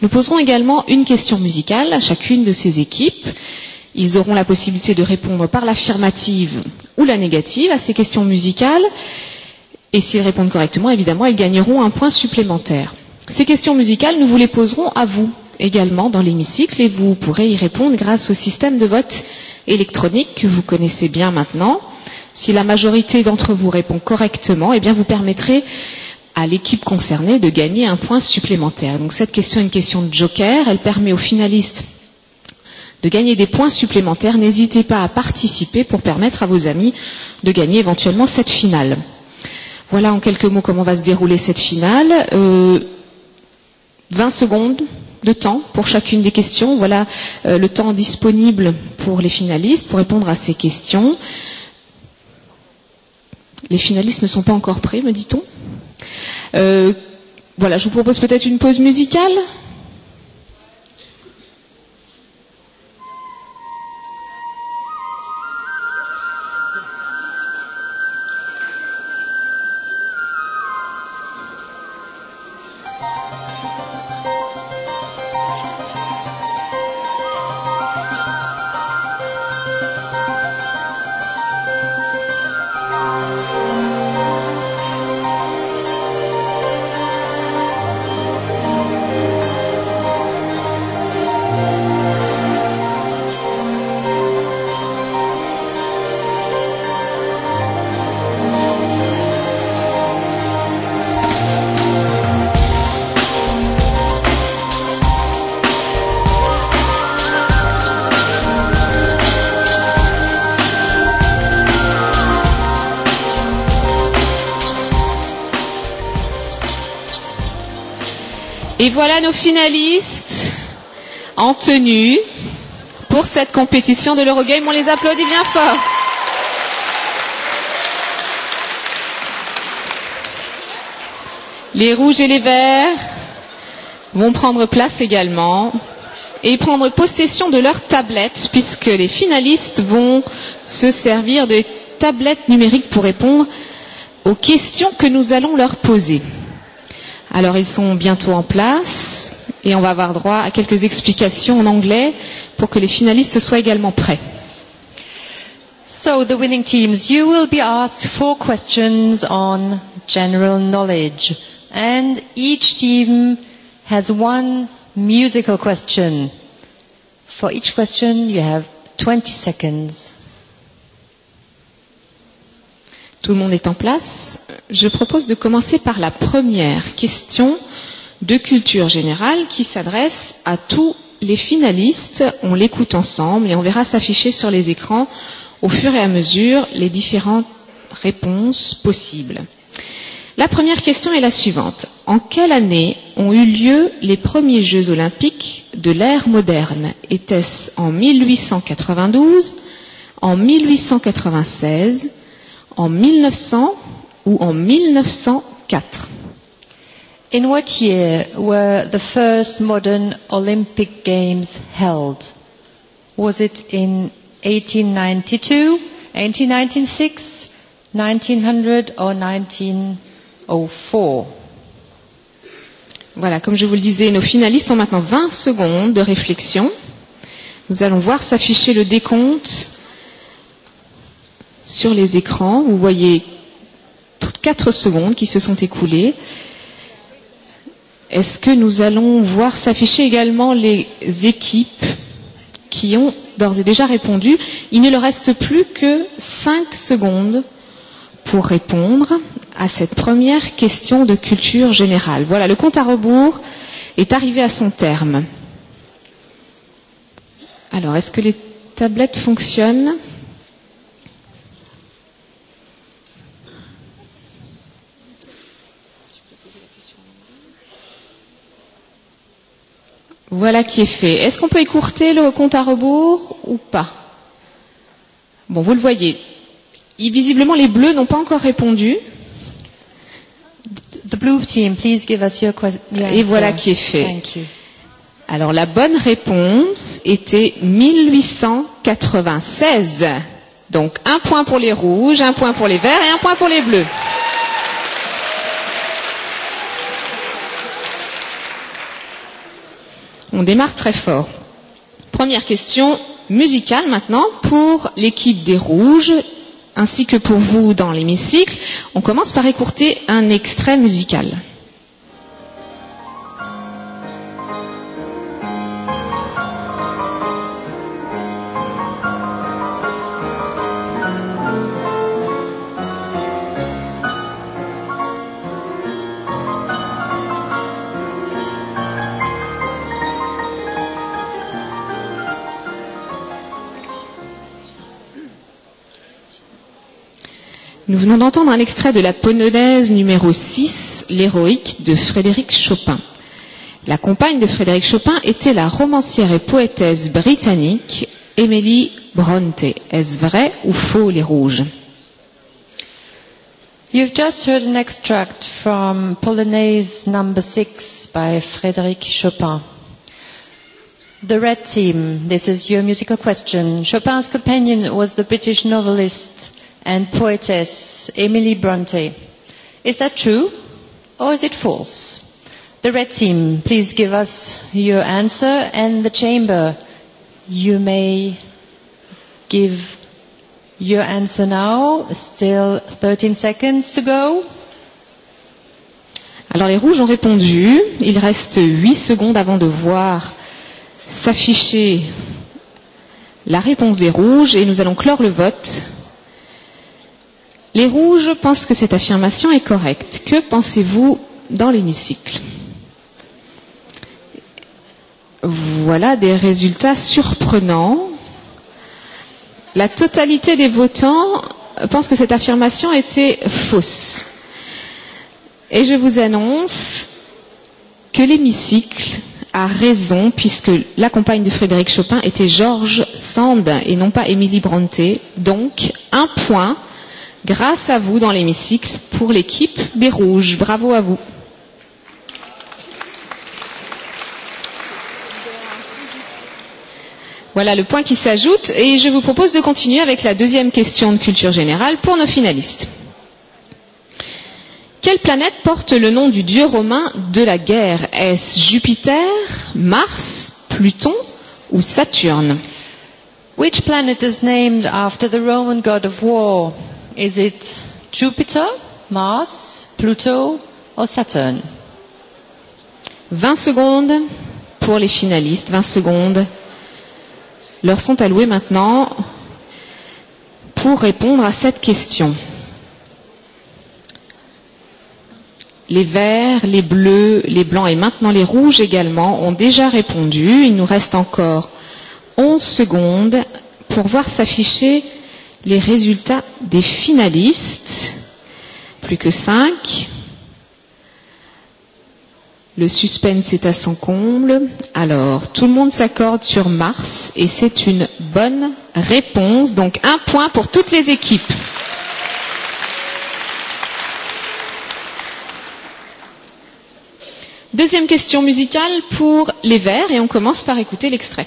Nous poserons également une question musicale à chacune de ces équipes. Ils auront la possibilité de répondre par l'affirmative ou la négative à ces questions musicales. Et s'ils répondent correctement, évidemment, ils gagneront un point supplémentaire. Ces questions musicales, nous vous les poserons à vous également dans l'hémicycle et vous pourrez y répondre grâce au système de vote électronique que vous connaissez bien maintenant. Si la majorité d'entre vous répond correctement, eh bien vous permettrez à l'équipe concernée de gagner un point supplémentaire. Donc cette question est une question de joker. Elle permet aux finalistes de gagner des points supplémentaires. N'hésitez pas à participer pour permettre à vos amis de gagner éventuellement cette finale. Voilà en quelques mots comment va se dérouler cette finale. Euh, 20 secondes de temps pour chacune des questions. Voilà euh, le temps disponible pour les finalistes pour répondre à ces questions. Euh, Les finalistes ne sont pas encore prêts, me dit-on. Euh, voilà, je vous propose peut-être une pause musicale Et voilà nos finalistes en tenue pour cette compétition de l'Eurogame. On les applaudit bien fort. Les rouges et les verts vont prendre place également et prendre possession de leurs tablettes puisque les finalistes vont se servir de tablettes numériques pour répondre aux questions que nous allons leur poser. Alors ils sont bientôt en place et on va avoir droit à quelques explications en anglais pour que les finalistes soient également prêts. So the winning teams, you will be asked four questions on general knowledge and each team has one musical question. For each question you have 20 seconds. Tout le monde est en place. Je propose de commencer par la première question de culture générale qui s'adresse à tous les finalistes. On l'écoute ensemble et on verra s'afficher sur les écrans au fur et à mesure les différentes réponses possibles. La première question est la suivante. En quelle année ont eu lieu les premiers Jeux olympiques de l'ère moderne Était-ce en 1892, en 1896 en 1900 ou en 1904 In what year were the first modern Olympic Games held? Was it in 1892, 1896, 1900 or 1904? Voilà, comme je vous le disais, nos finalistes ont maintenant 20 secondes de réflexion. Nous allons voir s'afficher le décompte sur les écrans. Vous voyez quatre secondes qui se sont écoulées. Est-ce que nous allons voir s'afficher également les équipes qui ont d'ores et déjà répondu Il ne leur reste plus que cinq secondes pour répondre à cette première question de culture générale. Voilà, le compte à rebours est arrivé à son terme. Alors, est-ce que les tablettes fonctionnent Voilà qui est fait. Est-ce qu'on peut écourter le compte à rebours ou pas Bon, vous le voyez. Et visiblement, les bleus n'ont pas encore répondu. The blue team, please give us your question. Et voilà qui est fait. Thank you. Alors, la bonne réponse était 1896. Donc, un point pour les rouges, un point pour les verts et un point pour les bleus. On démarre très fort. Première question musicale maintenant pour l'équipe des Rouges ainsi que pour vous dans l'hémicycle. On commence par écourter un extrait musical. Nous venons d'entendre un extrait de la polonaise numéro 6, L'héroïque de Frédéric Chopin. La compagne de Frédéric Chopin était la romancière et poétesse britannique Emily Bronte. Est-ce vrai ou faux les rouges You've just heard an extract from Polonaise number 6 by Frédéric Chopin. The Red Team, this is your musical question. Chopin's companion was the British novelist and poetess Emily Bronte. Is that true or is it false? The red team, please give us your answer and the chamber, you may give your answer now. Still 13 seconds to go. Alors les rouges ont répondu. Il reste 8 secondes avant de voir s'afficher la réponse des rouges et nous allons clore le vote Les rouges pensent que cette affirmation est correcte. Que pensez-vous dans l'hémicycle Voilà des résultats surprenants. La totalité des votants pensent que cette affirmation était fausse. Et je vous annonce que l'hémicycle a raison puisque la compagne de Frédéric Chopin était Georges Sand et non pas Émilie Brontë. Donc, un point grâce à vous dans l'hémicycle pour l'équipe des Rouges. Bravo à vous. Voilà le point qui s'ajoute et je vous propose de continuer avec la deuxième question de culture générale pour nos finalistes. Quelle planète porte le nom du dieu romain de la guerre Est-ce Jupiter, Mars, Pluton ou Saturne Which planet is named after the Roman god of war Is it Jupiter, Mars, Pluto or Saturn? 20 secondes pour les finalistes, 20 secondes leur sont allouées maintenant pour répondre à cette question. Les verts, les bleus, les blancs et maintenant les rouges également ont déjà répondu. Il nous reste encore 11 secondes pour voir s'afficher les résultats des finalistes. Plus que cinq. Le suspense est à son comble. Alors, tout le monde s'accorde sur Mars et c'est une bonne réponse. Donc, un point pour toutes les équipes. Deuxième question musicale pour les Verts et on commence par écouter l'extrait.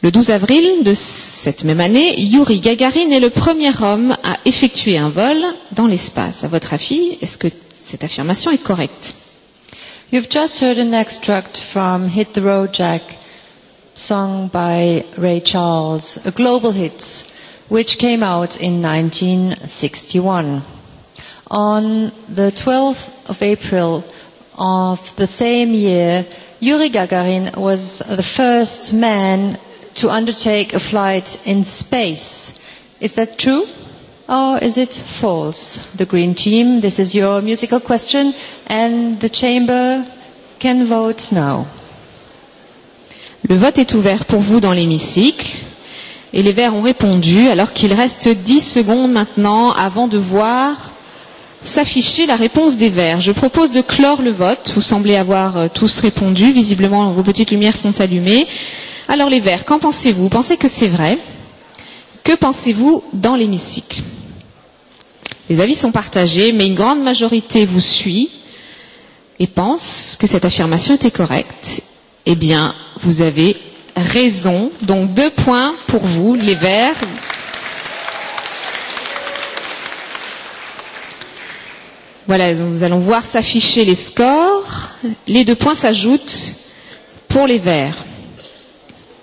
Le 12 avril de cette même année, Yuri Gagarin est le premier homme à effectuer un vol dans l'espace. À votre avis, est-ce que cette affirmation est correcte You've just heard an extract from Hit the Road Jack, sung by Ray Charles, a global hit, which came out in 1961. On the 12th of April of the same year, Yuri Gagarin was the first man to undertake a flight in space. Is that true? Or is it false? The Green Team, this is your musical question, and the Chamber can vote now. Le vote est ouvert pour vous dans l'hémicycle. Et les Verts ont répondu alors qu'il reste 10 secondes maintenant avant de voir s'afficher la réponse des verts. Je propose de clore le vote. Vous semblez avoir euh, tous répondu. Visiblement, vos petites lumières sont allumées. Alors les verts, qu'en pensez-vous Pensez que c'est vrai Que pensez-vous dans l'hémicycle Les avis sont partagés, mais une grande majorité vous suit et pense que cette affirmation était correcte. Eh bien, vous avez raison. Donc deux points pour vous, les verts. Voilà, nous allons voir s'afficher les scores. Les deux points s'ajoutent pour les verts.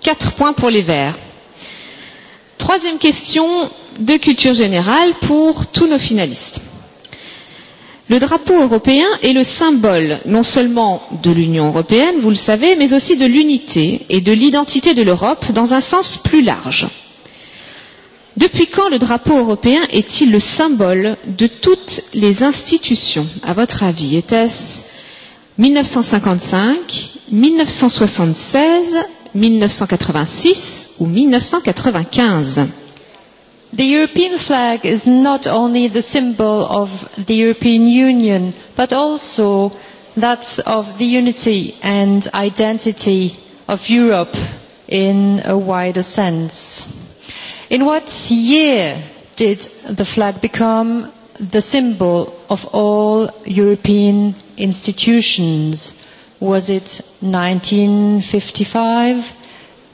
Quatre points pour les verts. Troisième question de culture générale pour tous nos finalistes. Le drapeau européen est le symbole non seulement de l'Union européenne, vous le savez, mais aussi de l'unité et de l'identité de l'Europe dans un sens plus large. Depuis quand le drapeau européen est-il le symbole de toutes les institutions, à votre avis Était-ce 1955, 1976, 1986 ou 1995 The European flag is not only the symbol of the European Union, but also that of the unity and identity of Europe in a wider sense. In what year did the flag become the symbol of all European institutions? Was it 1955,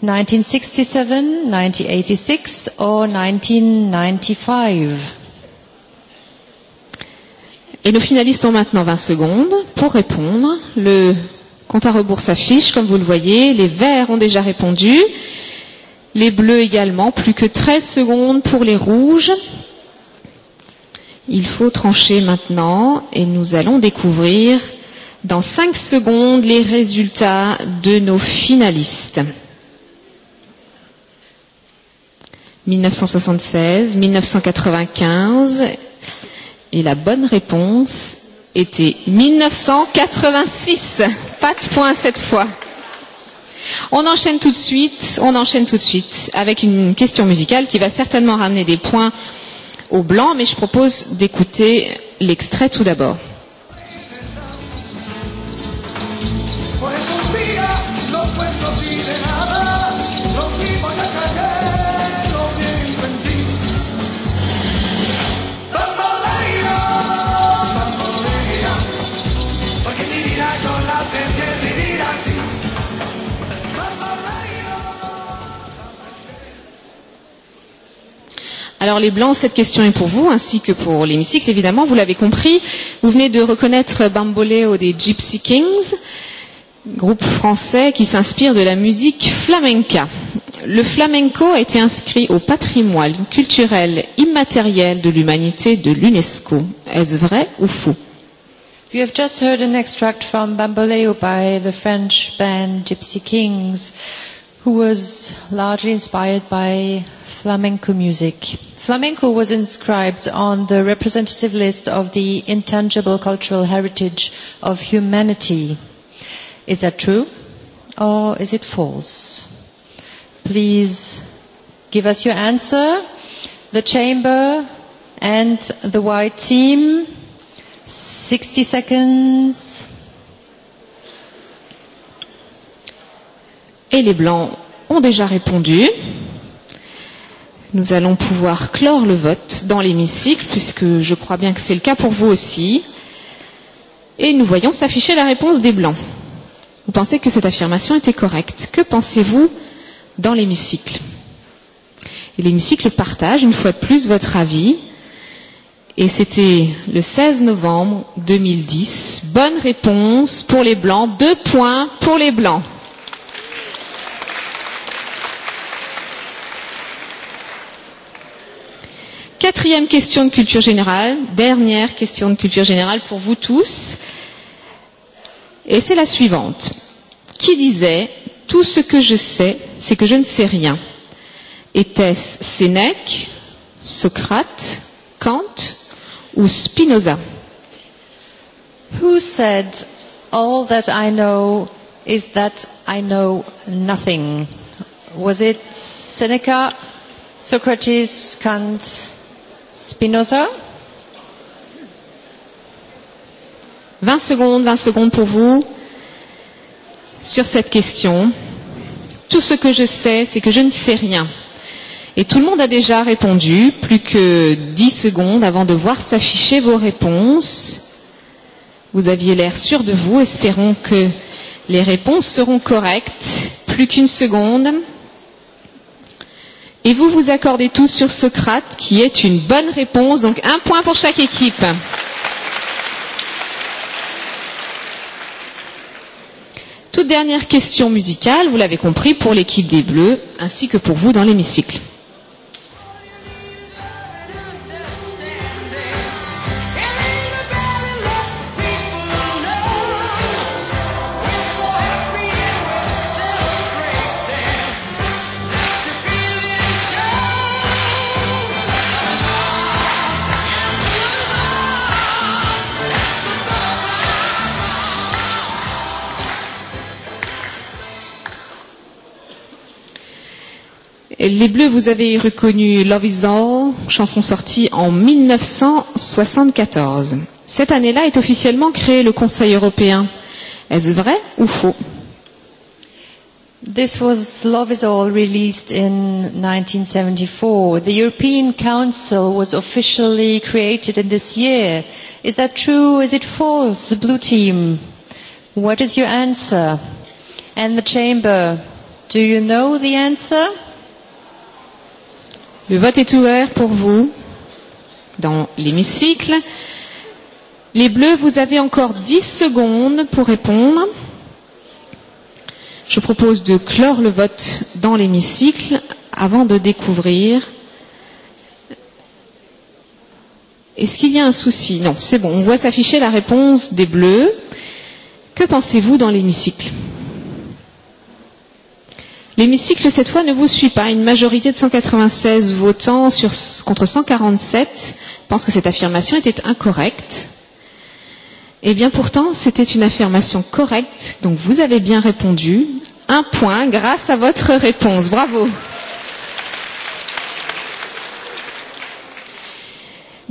1967, 1986 or 1995? Et nos finalistes ont maintenant 20 secondes pour répondre. Le compte à rebours s'affiche, comme vous le voyez. Les verts ont déjà répondu. Les bleus également, plus que 13 secondes pour les rouges. Il faut trancher maintenant et nous allons découvrir dans 5 secondes les résultats de nos finalistes. 1976, 1995 et la bonne réponse était 1986. Pas de points cette fois. On enchaîne tout de suite, on enchaîne tout de suite avec une question musicale qui va certainement ramener des points aux blancs, mais je propose d'écouter l'extrait tout d'abord. Alors les Blancs, cette question est pour vous, ainsi que pour l'hémicycle, évidemment, vous l'avez compris. Vous venez de reconnaître Bamboleo des Gypsy Kings, groupe français qui s'inspire de la musique flamenca. Le flamenco a été inscrit au patrimoine culturel immatériel de l'humanité de l'UNESCO. Est-ce vrai ou faux You have just heard an extract from Bamboleo by the French band Gypsy Kings, who was largely inspired by flamenco music. Flamenco was inscribed on the representative list of the intangible cultural heritage of humanity. Is that true or is it false? Please give us your answer. The chamber and the white team. 60 seconds. Et les blancs ont déjà répondu. Nous allons pouvoir clore le vote dans l'hémicycle, puisque je crois bien que c'est le cas pour vous aussi. Et nous voyons s'afficher la réponse des Blancs. Vous pensez que cette affirmation était correcte. Que pensez-vous dans l'hémicycle Et l'hémicycle partage une fois de plus votre avis. Et c'était le 16 novembre 2010. Bonne réponse pour les Blancs. Deux points pour les Blancs. Quatrième question de culture générale, dernière question de culture générale pour vous tous. Et c'est la suivante. Qui disait Tout ce que je sais, c'est que je ne sais rien Était-ce Sénèque, Socrate, Kant ou Spinoza Who said All that I know is that I know nothing Was it Seneca, Socrates, Kant Spinoza. 20 secondes, 20 secondes pour vous sur cette question. Tout ce que je sais, c'est que je ne sais rien. Et tout le monde a déjà répondu, plus que 10 secondes avant de voir s'afficher vos réponses. Vous aviez l'air sûr de vous, espérons que les réponses seront correctes. Plus qu'une seconde. Et vous vous accordez tous sur Socrate, qui est une bonne réponse. Donc un point pour chaque équipe. Toute dernière question musicale, vous l'avez compris, pour l'équipe des Bleus, ainsi que pour vous dans l'hémicycle. Les Bleus, vous avez reconnu Love Is All, chanson sortie en 1974. Cette année-là est officiellement créé le Conseil européen. Est-ce vrai ou faux This was Love Is All released in 1974. The European Council was officially created in this year. Is that true? Is it false? The blue team. What is your answer? And the chamber. Do you know the answer? Le vote est ouvert pour vous dans l'hémicycle. Les bleus, vous avez encore 10 secondes pour répondre. Je propose de clore le vote dans l'hémicycle avant de découvrir. Est-ce qu'il y a un souci Non, c'est bon. On voit s'afficher la réponse des bleus. Que pensez-vous dans l'hémicycle L'hémicycle, cette fois, ne vous suit pas. Une majorité de 196 votants sur, contre 147 pense que cette affirmation était incorrecte. Eh bien, pourtant, c'était une affirmation correcte, donc vous avez bien répondu. Un point grâce à votre réponse. Bravo.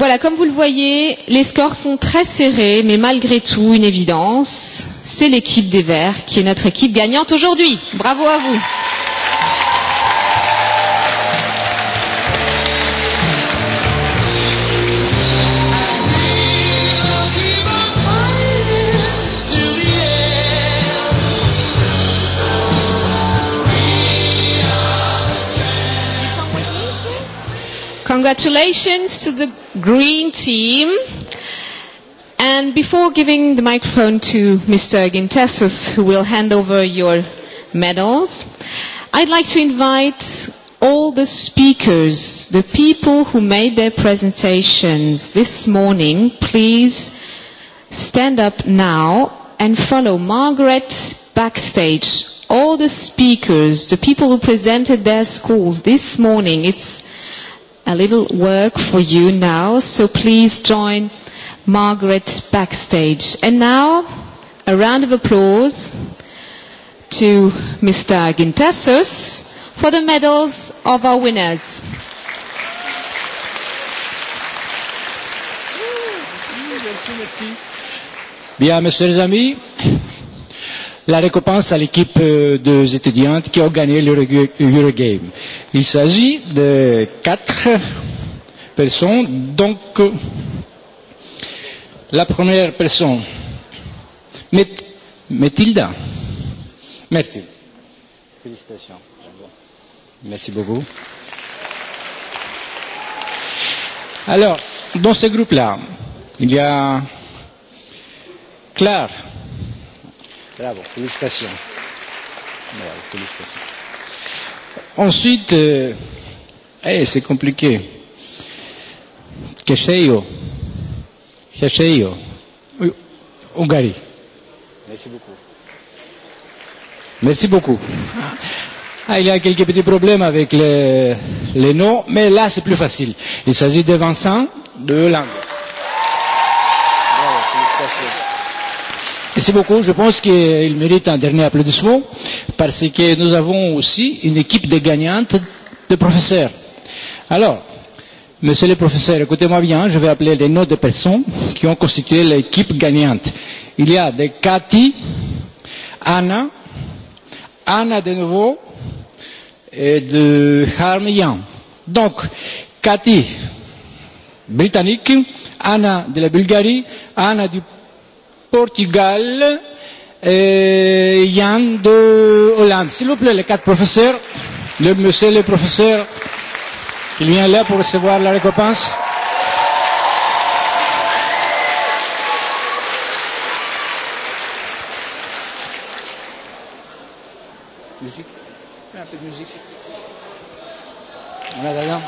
Voilà, comme vous le voyez, les scores sont très serrés, mais malgré tout, une évidence, c'est l'équipe des Verts qui est notre équipe gagnante aujourd'hui. Bravo à vous. Congratulations to the green team. And before giving the microphone to Mr. Gintessus, who will hand over your medals, I'd like to invite all the speakers, the people who made their presentations this morning, please stand up now and follow Margaret backstage. All the speakers, the people who presented their schools this morning, it's a little work for you now, so please join Margaret backstage. And now, a round of applause to Mr. Gintasos for the medals of our winners. Bien, messieurs les amis, la récompense à l'équipe euh, des étudiantes qui ont gagné l'Eurogame. Il s'agit de quatre personnes. Donc, la première personne, Mathilda. Merci. Félicitations. Merci beaucoup. Alors, dans ce groupe-là, il y a Claire, Bravo, félicitations. Bravo, félicitations. Ensuite, euh, hey, eh, c'est compliqué. Kesheyo. Kesheyo. Hongrie. Merci beaucoup. Merci beaucoup. Ah, il y a quelques petits problèmes avec les, les noms, mais là c'est plus facile. Il s'agit de Vincent de Langue. Merci beaucoup. Je pense qu'il mérite un dernier applaudissement parce que nous avons aussi une équipe de gagnantes de professeurs. Alors, monsieur le professeur, écoutez-moi bien, je vais appeler les noms de personnes qui ont constitué l'équipe gagnante. Il y a de Cathy, Anna, Anna de nouveau et de Harmian. Donc, Cathy, britannique, Anna de la Bulgarie, Anna du Portugal, et eh, Yann de Hollande. S'il vous plaît, les quatre professeurs, le monsieur le professeur, qui vient là pour recevoir la récompense. Musique. Un peu de musique. On a d'ailleurs.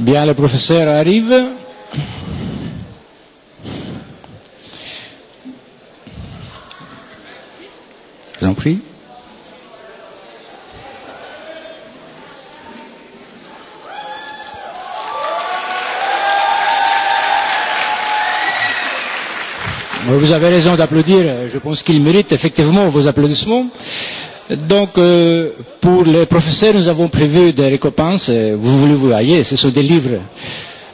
Bien, le professeur arrive. Je vous en prie. Vous avez raison d'applaudir. Je pense qu'il mérite effectivement vos applaudissements. Donc, euh, pour les professeurs, nous avons prévu des récompenses. Euh, vous, voulez vous voyez, ce sont des livres.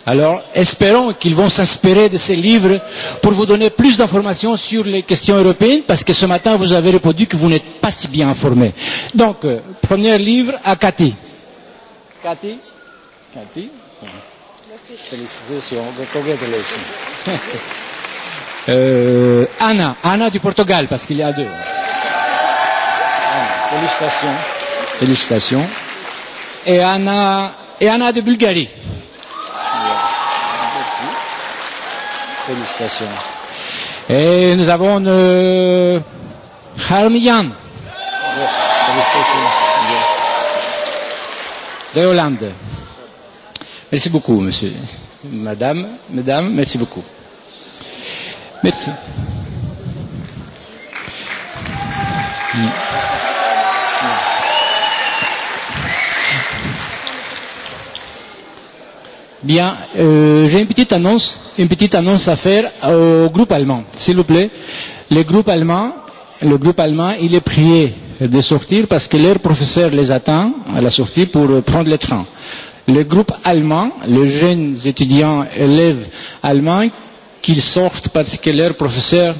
Alors, espérons qu'ils vont s'inspirer de ces livres pour vous donner plus d'informations sur les questions européennes, parce que ce matin, vous avez répondu que vous n'êtes pas si bien informé. Donc, euh, premier livre à Cathy. Cathy Cathy Félicitations. Félicitations. euh, Anna, Anna du Portugal, parce qu'il y a deux. Félicitations. Félicitations. Et Anna, et Anna de Bulgarie. Merci. Félicitations. Et nous avons euh, Harmian. Félicitations. De Hollande. Merci beaucoup, monsieur. Madame, mesdames, merci beaucoup. Merci. Bien, euh, j'ai une petite annonce, une petite annonce à faire au groupe allemand, s'il vous plaît. Le groupe allemand, le groupe allemand, il est prié de sortir parce que leur professeur les attend à la sortie pour prendre le train. Le groupe allemand, les jeunes étudiants, élèves allemands, qu'ils sortent parce que leurs professeurs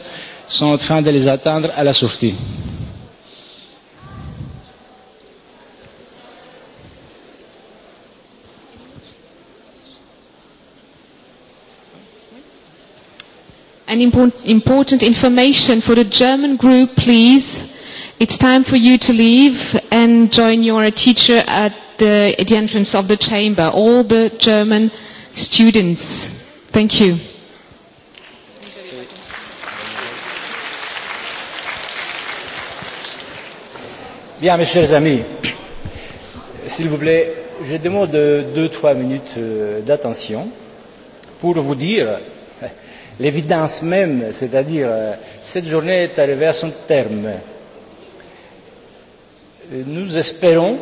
sont en train de les attendre à la sortie. and impo- important information for the German group, please. It's time for you to leave and join your teacher at the, at the entrance of the chamber, all the German students. Thank you. Bien, mes chers amis, s'il vous plaît, je demande deux, trois minutes euh, d'attention pour vous dire l'évidence même, c'est-à-dire euh, cette journée est arrivée à son terme. Euh, nous espérons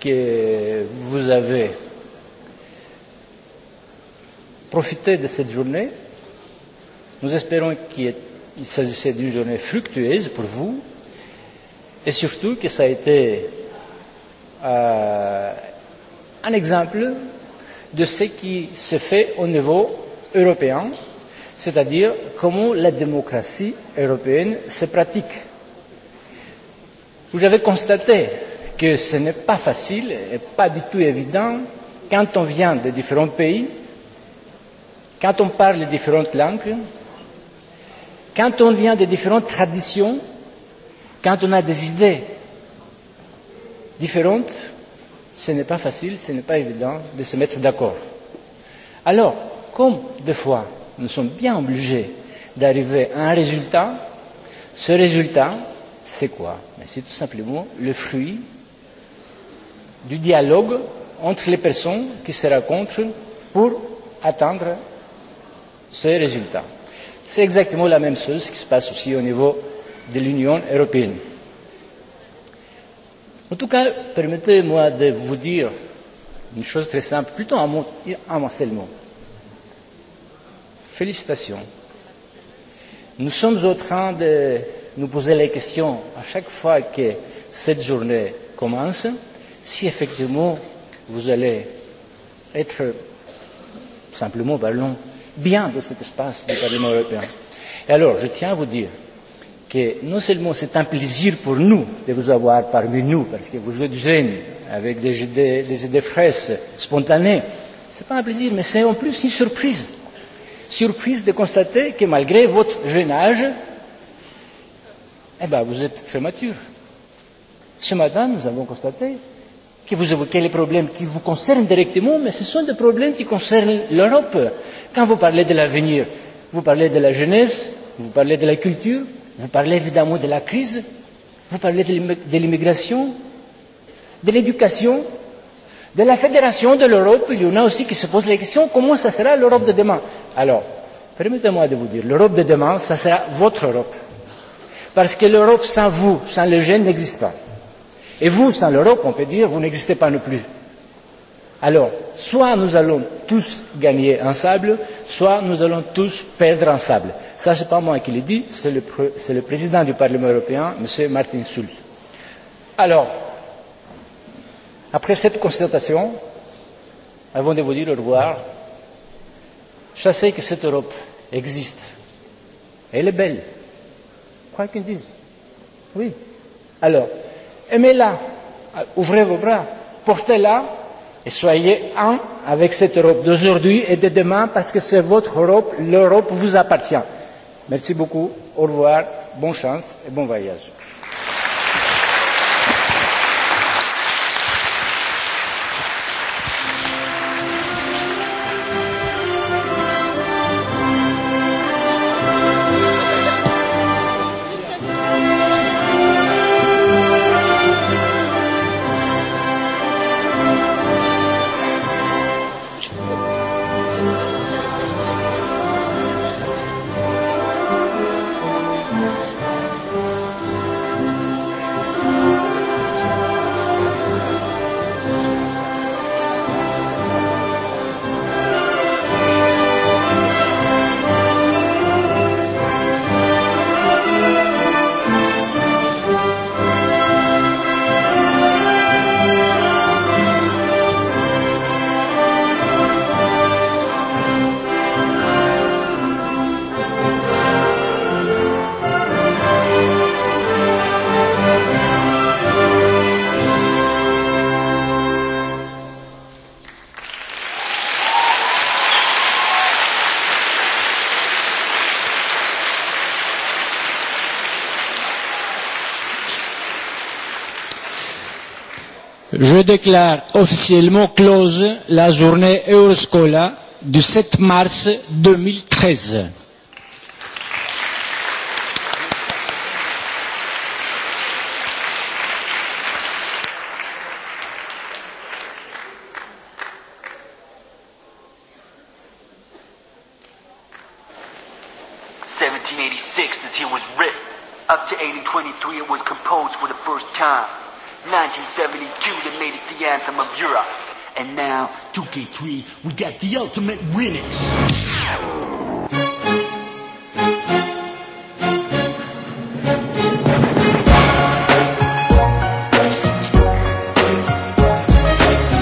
que vous avez profité de cette journée. Nous espérons qu'il s'agissait d'une journée fructueuse pour vous et surtout que ça a été euh, un exemple de ce qui se fait au niveau européen c'est-à-dire comment la démocratie européenne se pratique. Vous avez constaté que ce n'est pas facile et pas du tout évident quand on vient de différents pays, quand on parle différentes langues, quand on vient de différentes traditions, quand on a des idées différentes, ce n'est pas facile, ce n'est pas évident de se mettre d'accord. Alors, comme des fois nous sommes bien obligés d'arriver à un résultat. Ce résultat, c'est quoi C'est tout simplement le fruit du dialogue entre les personnes qui se rencontrent pour atteindre ce résultat. C'est exactement la même chose qui se passe aussi au niveau de l'Union européenne. En tout cas, permettez-moi de vous dire une chose très simple, plutôt un mot, un seul mot Félicitations. Nous sommes en train de nous poser la question à chaque fois que cette journée commence, si effectivement vous allez être, simplement parlant, bien de cet espace du Parlement européen. Et alors, je tiens à vous dire que non seulement c'est un plaisir pour nous de vous avoir parmi nous, parce que vous êtes jeunes, avec des idées, des idées fraîches, spontanées, n'est pas un plaisir, mais c'est en plus une surprise surprise de constater que malgré votre jeune âge, eh ben, vous êtes très mature. Ce matin, nous avons constaté que vous évoquez les problèmes qui vous concernent directement, mais ce sont des problèmes qui concernent l'Europe. Quand vous parlez de l'avenir, vous parlez de la jeunesse, vous parlez de la culture, vous parlez évidemment de la crise, vous parlez de l'immigration, de l'éducation, de la fédération de l'Europe, il y en a aussi qui se posent la question comment ça sera l'Europe de demain Alors, permettez-moi de vous dire, l'Europe de demain, ça sera votre Europe. Parce que l'Europe sans vous, sans le jeune, n'existe pas. Et vous, sans l'Europe, on peut dire, vous n'existez pas non plus. Alors, soit nous allons tous gagner en sable, soit nous allons tous perdre en sable. Ça, n'est pas moi qui le dis, c'est le, le président du Parlement européen, M. Martin Schulz. Alors, Après cette constatation, avant de vous dire au revoir, Je sais que cette Europe existe. Elle est belle. Quoi qu'ils disent. Oui. Alors, aimez-la. Ouvrez vos bras. Portez-la. Et soyez un avec cette Europe d'aujourd'hui et de demain parce que c'est votre Europe. L'Europe vous appartient. Merci beaucoup. Au revoir. Bonne chance et bon voyage. Je déclare officiellement close la journée Euroscola du 7 mars 2013. 1972 that made it the anthem of Europe. And now, 2K3, we got the ultimate winners.